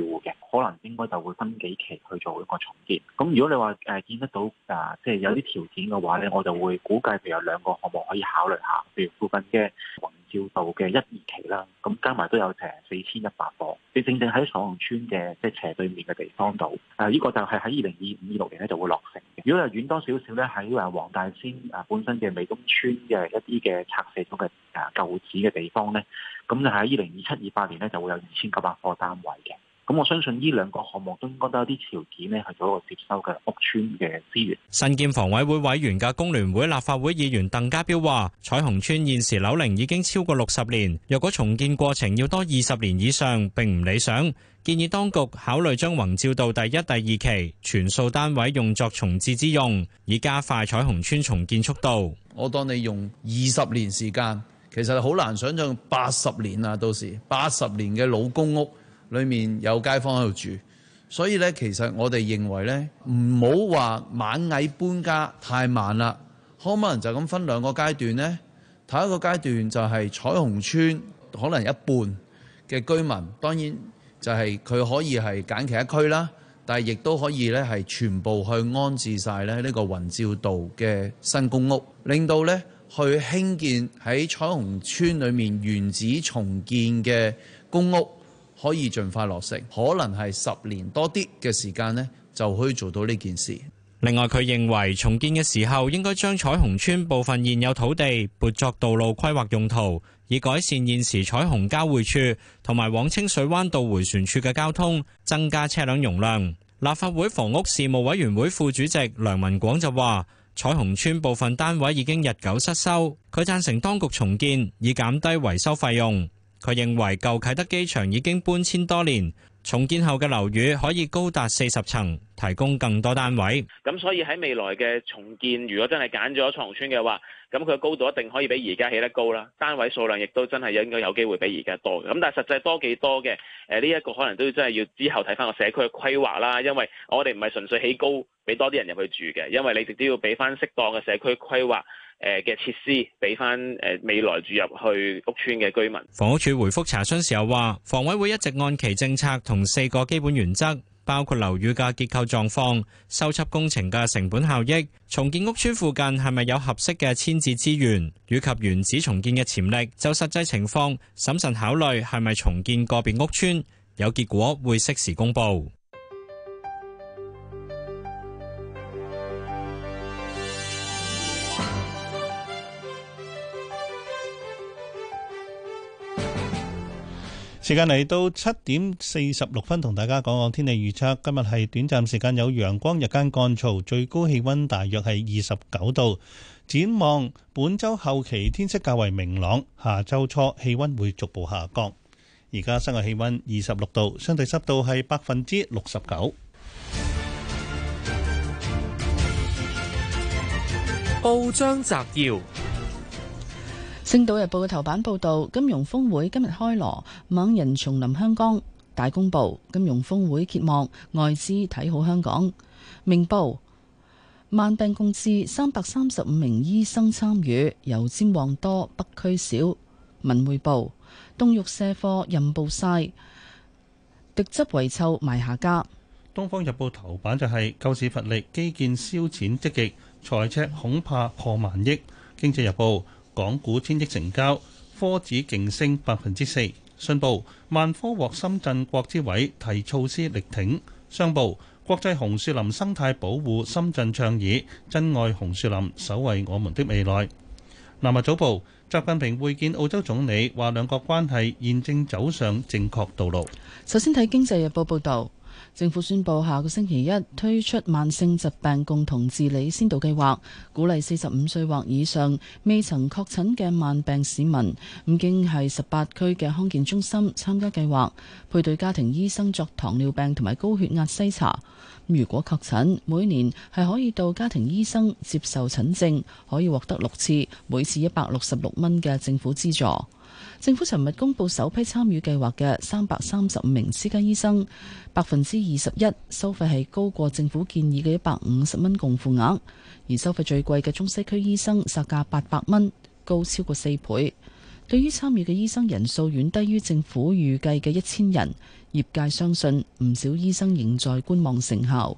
住戶嘅，可能應該就會分幾期去做一個重建。咁如果你話誒、呃、見得到誒，即、呃、係、就是、有啲條件嘅話咧，我就會估計，譬如有兩個項目可以考慮下，譬如附近嘅。兆道嘅一二期啦，咁加埋都有成四千一百伙，你正正喺彩虹村，嘅即係斜對面嘅地方度，啊呢個就係喺二零二五、二六年咧就會落成嘅。如果係遠多少少咧，喺話黃大仙啊本身嘅美東村嘅一啲嘅拆卸咗嘅啊舊址嘅地方咧，咁就喺二零二七、二八年咧就會有二千九百伙單位嘅。咁我相信呢兩個項目都應該都有啲條件咧，係做一個接收嘅屋邨，嘅資源。身兼房委會委員嘅工聯會立法會議員鄧家彪話，彩虹邨現時樓齡已經超過六十年，若果重建過程要多二十年以上，並唔理想。建議當局考慮將宏照道第一、第二期全數單位用作重置之用，以加快彩虹邨重建速度。我當你用二十年時間，其實好難想象八十年啊，到時八十年嘅老公屋。裏面有街坊喺度住，所以咧，其實我哋認為咧，唔好話螞蟻搬家太慢啦。可唔可能就咁分兩個階段呢？第一個階段就係彩虹村，可能一半嘅居民，當然就係佢可以係揀其中一區啦，但係亦都可以咧係全部去安置晒咧，呢個雲照道嘅新公屋，令到咧去興建喺彩虹村裡面原址重建嘅公屋。可以盡快落成，可能係十年多啲嘅時間呢，就可以做到呢件事。另外，佢認為重建嘅時候應該將彩虹村部分現有土地撥作道路規劃用途，以改善現時彩虹交匯處同埋往清水灣道回旋處嘅交通，增加車輛容量。立法會房屋事務委員會副主席梁文廣就話：彩虹村部分單位已經日久失修，佢贊成當局重建，以減低維修費用。佢認為舊啟德機場已經搬遷多年，重建後嘅樓宇可以高達四十層，提供更多單位。咁所以喺未來嘅重建，如果真係揀咗彩虹邨嘅話，咁佢嘅高度一定可以比而家起得高啦，單位數量亦都真係應該有機會比而家多。咁但係實際多幾多嘅？誒呢一個可能都真係要之後睇翻個社區嘅規劃啦，因為我哋唔係純粹起高俾多啲人入去住嘅，因為你直接要俾翻適當嘅社區規劃。誒嘅設施俾翻誒未來住入去屋村嘅居民。房屋署回覆查詢時候話，房委會一直按其政策同四個基本原則，包括樓宇嘅結構狀況、修葺工程嘅成本效益、重建屋村附近係咪有合適嘅遷置資源，以及原址重建嘅潛力，就實際情況審慎考慮係咪重建個別屋村。有結果會適時公布。時間嚟到七點四十六分，同大家講講天氣預測。今日係短暫時間有陽光，日間乾燥，最高氣温大約係二十九度。展望本周後期天色較為明朗，下周初氣温會逐步下降。而家室外氣温二十六度，相對濕度係百分之六十九。報章摘要。《星島日報》嘅頭版報道，金融峰會今日開鑼，猛人重臨香港。《大公報》，金融峰會揭幕，外資睇好香港。《明報》，萬病共治，三百三十五名醫生參與，油尖旺多，北區少。《文匯報》，凍肉卸貨任暴晒，滴汁遺臭埋下家。《東方日報》頭版就係救市乏力，基建燒錢積極，財赤恐怕破萬億。《經濟日報》港股千億成交，科指勁升百分之四。信報，萬科獲深圳國資委提措施力挺。商報，國際紅樹林生態保護深圳倡議，珍愛紅樹林，守衞我們的未來。南華早報，習近平會見澳洲總理，話兩國關係現正走上正確道路。首先睇經濟日報報導。政府宣布，下個星期一推出慢性疾病共同治理先導計劃，鼓勵四十五歲或以上未曾確診嘅慢病市民，咁經係十八區嘅康健中心參加計劃，配對家庭醫生作糖尿病同埋高血壓篩查。咁如果確診，每年係可以到家庭醫生接受診症，可以獲得六次，每次一百六十六蚊嘅政府資助。政府尋日公布首批參與計劃嘅三百三十五名私家醫生，百分之二十一收費係高過政府建議嘅一百五十蚊共付額，而收費最貴嘅中西區醫生殺價八百蚊，高超過四倍。對於參與嘅醫生人數遠低於政府預計嘅一千人，業界相信唔少醫生仍在觀望成效。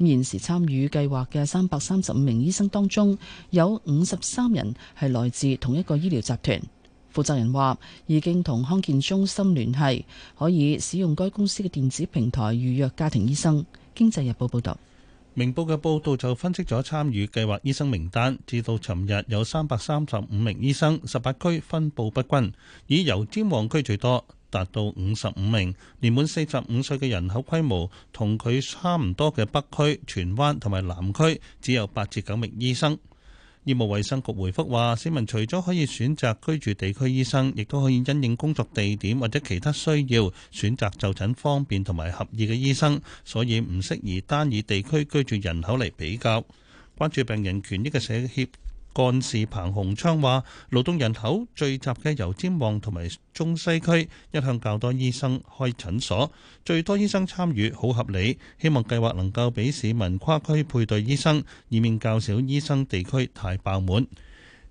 咁現時參與計劃嘅三百三十五名醫生當中，有五十三人係來自同一個醫療集團。負責人話：已經同康健中心聯繫，可以使用該公司嘅電子平台預約家庭醫生。經濟日報報導，明報嘅報導就分析咗參與計劃醫生名單，至到尋日有三百三十五名醫生，十八區分布不均，以油尖旺區最多，達到五十五名，年滿四十五歲嘅人口規模同佢差唔多嘅北區、荃灣同埋南區只有八至九名醫生。醫務衛生局回覆話：市民除咗可以選擇居住地區醫生，亦都可以因應工作地點或者其他需要選擇就診方便同埋合意嘅醫生，所以唔適宜單以地區居住人口嚟比較。關注病人權益嘅社協幹事彭洪昌話：勞動人口聚集嘅油尖旺同埋中西區一向較多醫生開診所，最多醫生參與好合理，希望計劃能夠俾市民跨區配對醫生，以免較少醫生地區太爆滿。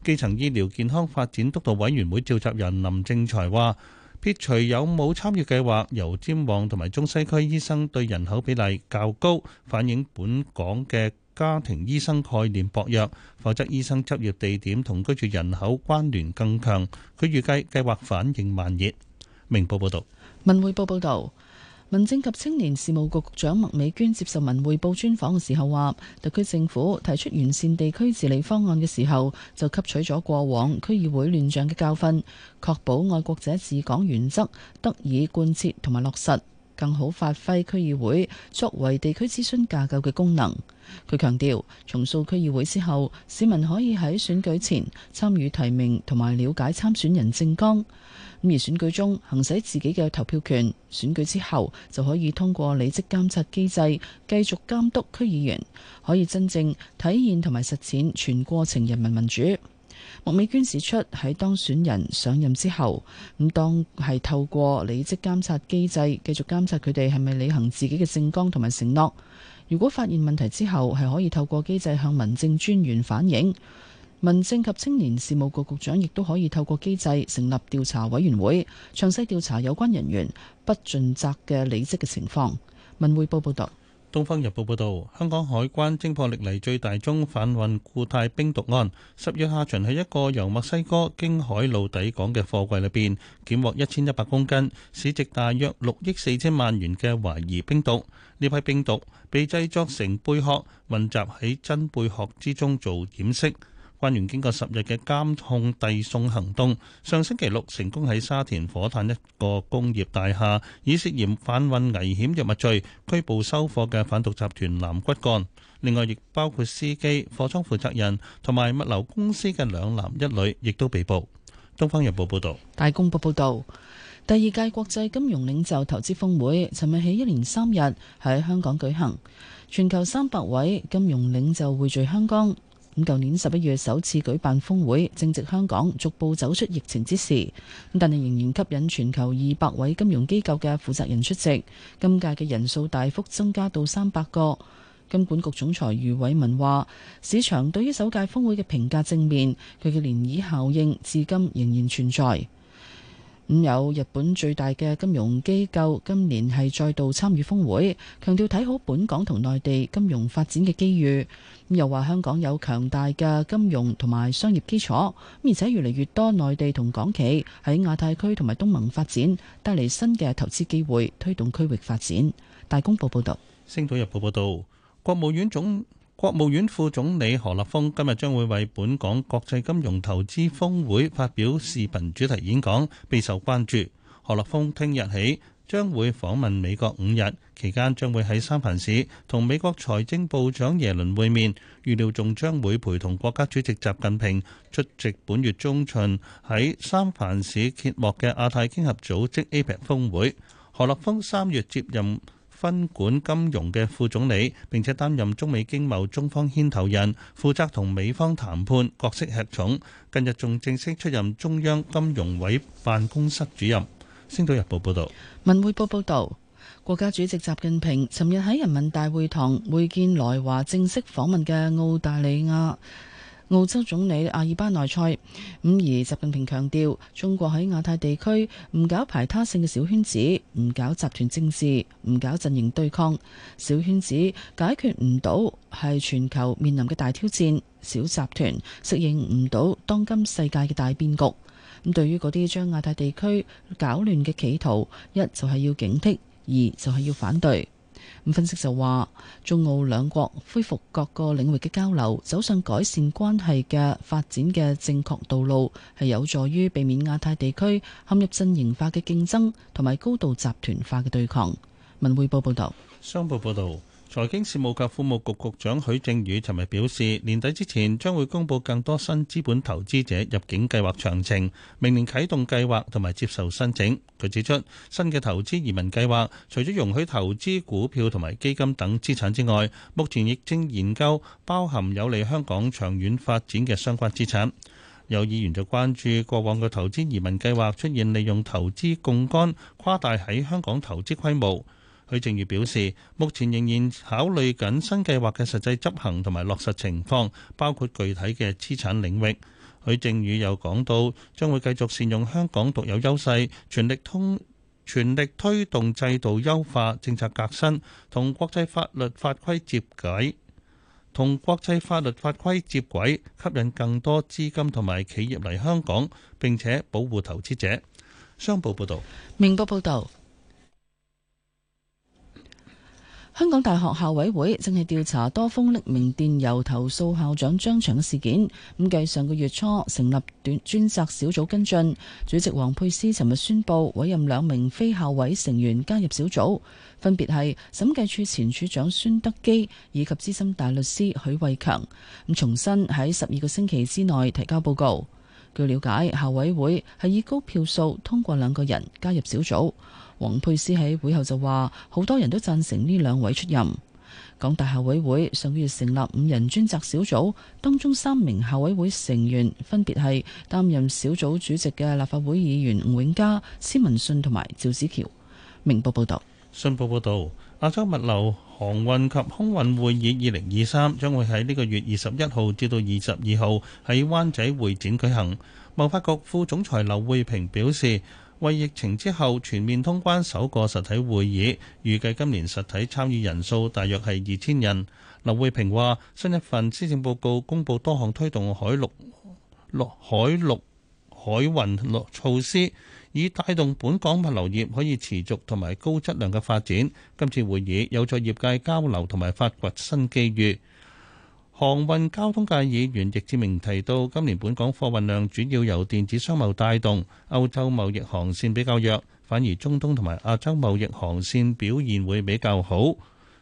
基層醫療健康發展督導委員會召集人林正財話：撇除有冇參與計劃，油尖旺同埋中西區醫生對人口比例較高，反映本港嘅。家庭醫生概念薄弱，否則醫生執業地點同居住人口關聯更強。佢預計計劃反應慢熱。明報報道，文匯報報道，民政及青年事務局局長麥美娟接受文匯報專訪嘅時候話，特區政府提出完善地區治理方案嘅時候，就吸取咗過往區議會亂象嘅教訓，確保愛國者治港原則得以貫徹同埋落實。更好發揮區議會作為地區諮詢架構嘅功能。佢強調，重塑區議會之後，市民可以喺選舉前參與提名同埋了解參選人政綱，而選舉中行使自己嘅投票權。選舉之後就可以通過履職監察機制繼續監督區議員，可以真正體現同埋實踐全過程人民民主。麥美娟指出，喺當選人上任之後，咁當係透過履職監察機制繼續監察佢哋係咪履行自己嘅政綱同埋承諾。如果發現問題之後，係可以透過機制向民政專員反映。民政及青年事務局局長亦都可以透過機制成立調查委員會，詳細調查有關人員不盡責嘅履職嘅情況。文匯報報道。《東方日報》報道，香港海關偵破歷嚟最大宗販運固態冰毒案。十月下旬，喺一個由墨西哥經海路抵港嘅貨櫃裏邊，檢獲一千一百公斤市值大約六億四千萬元嘅懷疑冰毒。呢批冰毒被製作成貝殼，混雜喺真貝殼之中做掩飾。關員經過十日嘅監控遞送行動，上星期六成功喺沙田火炭一個工業大廈，以涉嫌販運危險藥物罪拘捕收貨嘅販毒集團男骨幹。另外，亦包括司機、貨倉負責人同埋物流公司嘅兩男一女，亦都被捕。《東方日報》報道：《大公報》報道，第二屆國際金融領袖投資峰會，尋日起一連三日喺香港舉行，全球三百位金融領袖匯聚香港。咁舊年十一月首次舉辦峰會，正值香港逐步走出疫情之時，但係仍然吸引全球二百位金融機構嘅負責人出席。今屆嘅人數大幅增加到三百個。金管局總裁余偉文話：市場對於首屆峰會嘅評價正面，佢嘅漣漪效應至今仍然存在。咁有日本最大嘅金融機構今年係再度參與峰會，強調睇好本港同內地金融發展嘅機遇。又話香港有強大嘅金融同埋商業基礎，而且越嚟越多內地同港企喺亞太區同埋東盟發展，帶嚟新嘅投資機會，推動區域發展。大公報報道，《星島日報》報道，國務院總。國務院副總理何立峰今日將會為本港國際金融投資峰會發表視頻主題演講，備受關注。何立峰聽日起將會訪問美國五日，期間將會喺三藩市同美國財政部長耶倫會面，預料仲將會陪同國家主席習近平出席本月中旬喺三藩市揭幕嘅亞太經合組織 APEC 峯會。何立峰三月接任。分管金融嘅副總理，並且擔任中美經貿中方牽頭人，負責同美方談判，角色吃重。近日仲正式出任中央金融委辦公室主任。星島日報報道。文匯報報道，國家主席習近平尋日喺人民大會堂會見來華正式訪問嘅澳大利亞。澳洲總理阿爾巴內塞，咁而習近平強調，中國喺亞太地區唔搞排他性嘅小圈子，唔搞集團政治，唔搞陣營對抗。小圈子解決唔到係全球面臨嘅大挑戰，小集團適應唔到當今世界嘅大變局。咁對於嗰啲將亞太地區搞亂嘅企圖，一就係要警惕，二就係要反對。分析就話，中澳兩國恢復各個領域嘅交流，走上改善關係嘅發展嘅正確道路，係有助於避免亞太地區陷入陣營化嘅競爭同埋高度集團化嘅對抗。文匯報報道。商報報道。財經事務及庫務局局長許正宇尋日表示，年底之前將會公布更多新資本投資者入境計劃詳情，明年啟動計劃同埋接受申請。佢指出，新嘅投資移民計劃除咗容許投資股票同埋基金等資產之外，目前亦正研究包含有利香港長遠發展嘅相關資產。有議員就關注過往嘅投資移民計劃出現利用投資槓桿誇大喺香港投資規模。許正宇表示，目前仍然考慮緊新計劃嘅實際執行同埋落實情況，包括具體嘅資產領域。許正宇又講到，將會繼續善用香港獨有優勢，全力通全力推動制度優化、政策革新，同國際法律法規接軌，同國際法律法規接軌，吸引更多資金同埋企業嚟香港，並且保護投資者。商報報道，明報報道。香港大學校委會正係調查多封匿名電郵投訴校長張翔嘅事件，咁繼上個月初成立專責小組跟進。主席王佩斯尋日宣布委任兩名非校委成員加入小組，分別係審計處前處長孫德基以及資深大律師許慧強，咁重新喺十二個星期之內提交報告。據了解，校委會係以高票數通過兩個人加入小組。王沛詩喺會後就話，好多人都贊成呢兩位出任。港大校委會上個月成立五人專責小組，當中三名校委會成員分別係擔任小組主席嘅立法會議員吳永嘉、施文信同埋趙子喬。明報報道，信報報道，亞洲物流航運及空運會議二零二三將會喺呢個月二十一號至到二十二號喺灣仔會展舉行。貿發局副總裁劉會平表示，為疫情之後全面通關首個實體會議，預計今年實體參與人數大約係二千人。劉慧平話：新一份施政報告公布多項推動海陸、海陸海運嘅措施，以帶動本港物流業可以持續同埋高質量嘅發展。今次會議有助業界交流同埋發掘新機遇。航運交通界議員易志明提到，今年本港貨運量主要由電子商貿帶動，歐洲貿易航線比較弱，反而中東同埋亞洲貿易航線表現會比較好。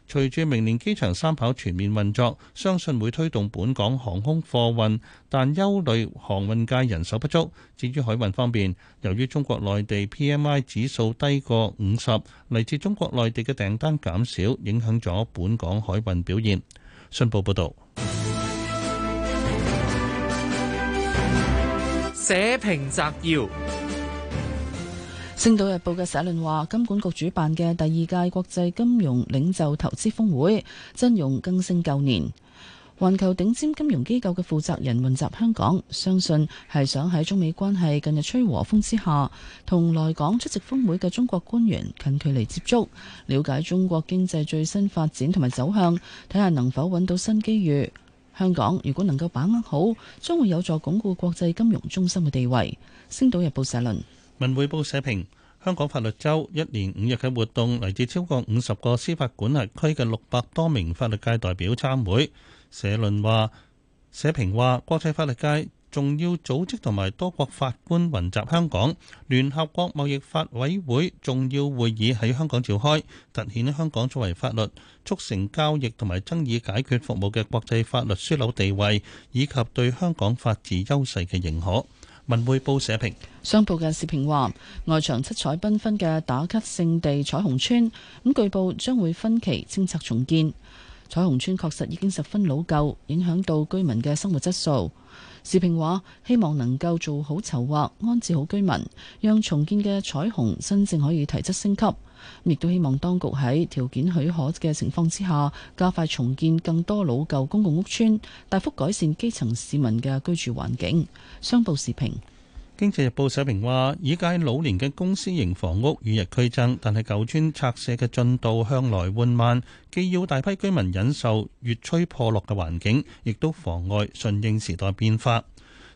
隨住明年機場三跑全面運作，相信會推動本港航空貨運，但憂慮航運界人手不足。至於海運方面，由於中國內地 PMI 指數低過五十，嚟自中國內地嘅訂單減少，影響咗本港海運表現。信報報道，社評摘要。《星島日報》嘅社論話，金管局主辦嘅第二屆國際金融領袖投資峰會，陣容更新舊年。環球頂尖金融機構嘅負責人雲集香港，相信係想喺中美關係近日吹和風之下，同來港出席峰會嘅中國官員近距離接觸，了解中國經濟最新發展同埋走向，睇下能否揾到新機遇。香港如果能夠把握好，將會有助鞏固國際金融中心嘅地位。《星島日報》社論，《文匯報》社評：香港法律週一年五日嘅活動嚟自超過五十個司法管轄區嘅六百多名法律界代表參會。社論話，社評話，國際法律界重要組織同埋多國法官雲集香港，聯合國貿易法委會重要會議喺香港召開，凸顯香港作為法律促成交易同埋爭議解決服務嘅國際法律樞紐地位，以及對香港法治優勢嘅認可。文匯報社評，商報嘅社評話，外牆七彩繽紛嘅打卡勝地彩虹村，咁據報將會分期清拆重建。彩虹村確實已經十分老舊，影響到居民嘅生活質素。時評話：希望能夠做好籌劃，安置好居民，讓重建嘅彩虹真正可以提質升級。亦都希望當局喺條件許可嘅情況之下，加快重建更多老舊公共屋邨，大幅改善基層市民嘅居住環境。商報時評。《經濟日報》社評話：已屆老年嘅公司型房屋與日俱增，但係舊村拆卸嘅進度向來緩慢，既要大批居民忍受越趨破落嘅環境，亦都妨礙順應時代變化。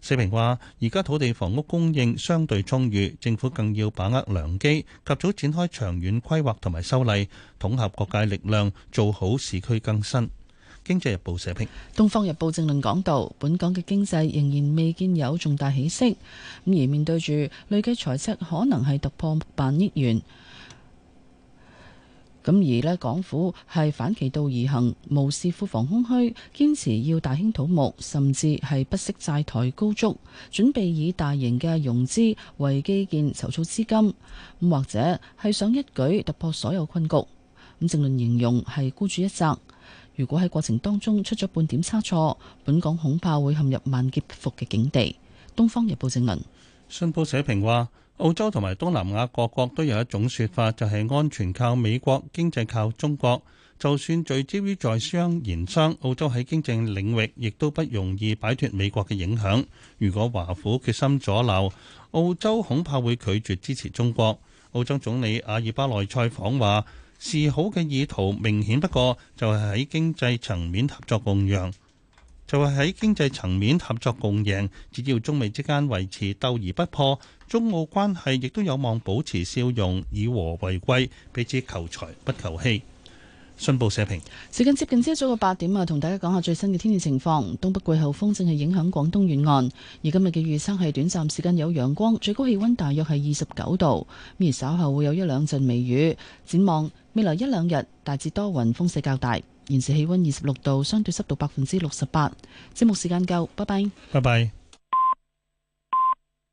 社評話：而家土地房屋供應相對充裕，政府更要把握良機，及早展開長遠規劃同埋修例，統合各界力量，做好市區更新。《經濟日報》社評，《東方日報》正論講到：本港嘅經濟仍然未見有重大起色，咁而面對住累計財赤可能係突破百億元，咁而咧港府係反其道而行，無視庫房空虛，堅持要大興土木，甚至係不惜債台高築，準備以大型嘅融資為基建籌措資金，咁或者係想一舉突破所有困局。咁正論形容係孤注一擲。如果喺過程當中出咗半點差錯，本港恐怕會陷入萬劫不復嘅境地。《東方日報證》正文，信報寫評話：澳洲同埋東南亞各國都有一種説法，就係、是、安全靠美國，經濟靠中國。就算聚焦於在商言商，澳洲喺經濟領域亦都不容易擺脱美國嘅影響。如果華府決心阻撓，澳洲恐怕會拒絕支持中國。澳洲總理阿爾巴內塞訪話。示好嘅意圖明顯，不過就係喺經濟層面合作共贏，就係喺經濟層面合作共贏。只要中美之間維持鬥而不破，中澳關係亦都有望保持笑容，以和為貴，彼此求財不求氣。信報社評時間。接近朝早嘅八點啊，同大家講下最新嘅天氣情況。東北季候風正係影響廣東沿岸，而今日嘅預測係短暫時間有陽光，最高氣温大約係二十九度。咁而稍後會有一兩陣微雨。展望未來一兩日大致多雲，風勢較大。現時氣温二十六度，相對濕度百分之六十八。節目時間夠，拜拜。拜拜。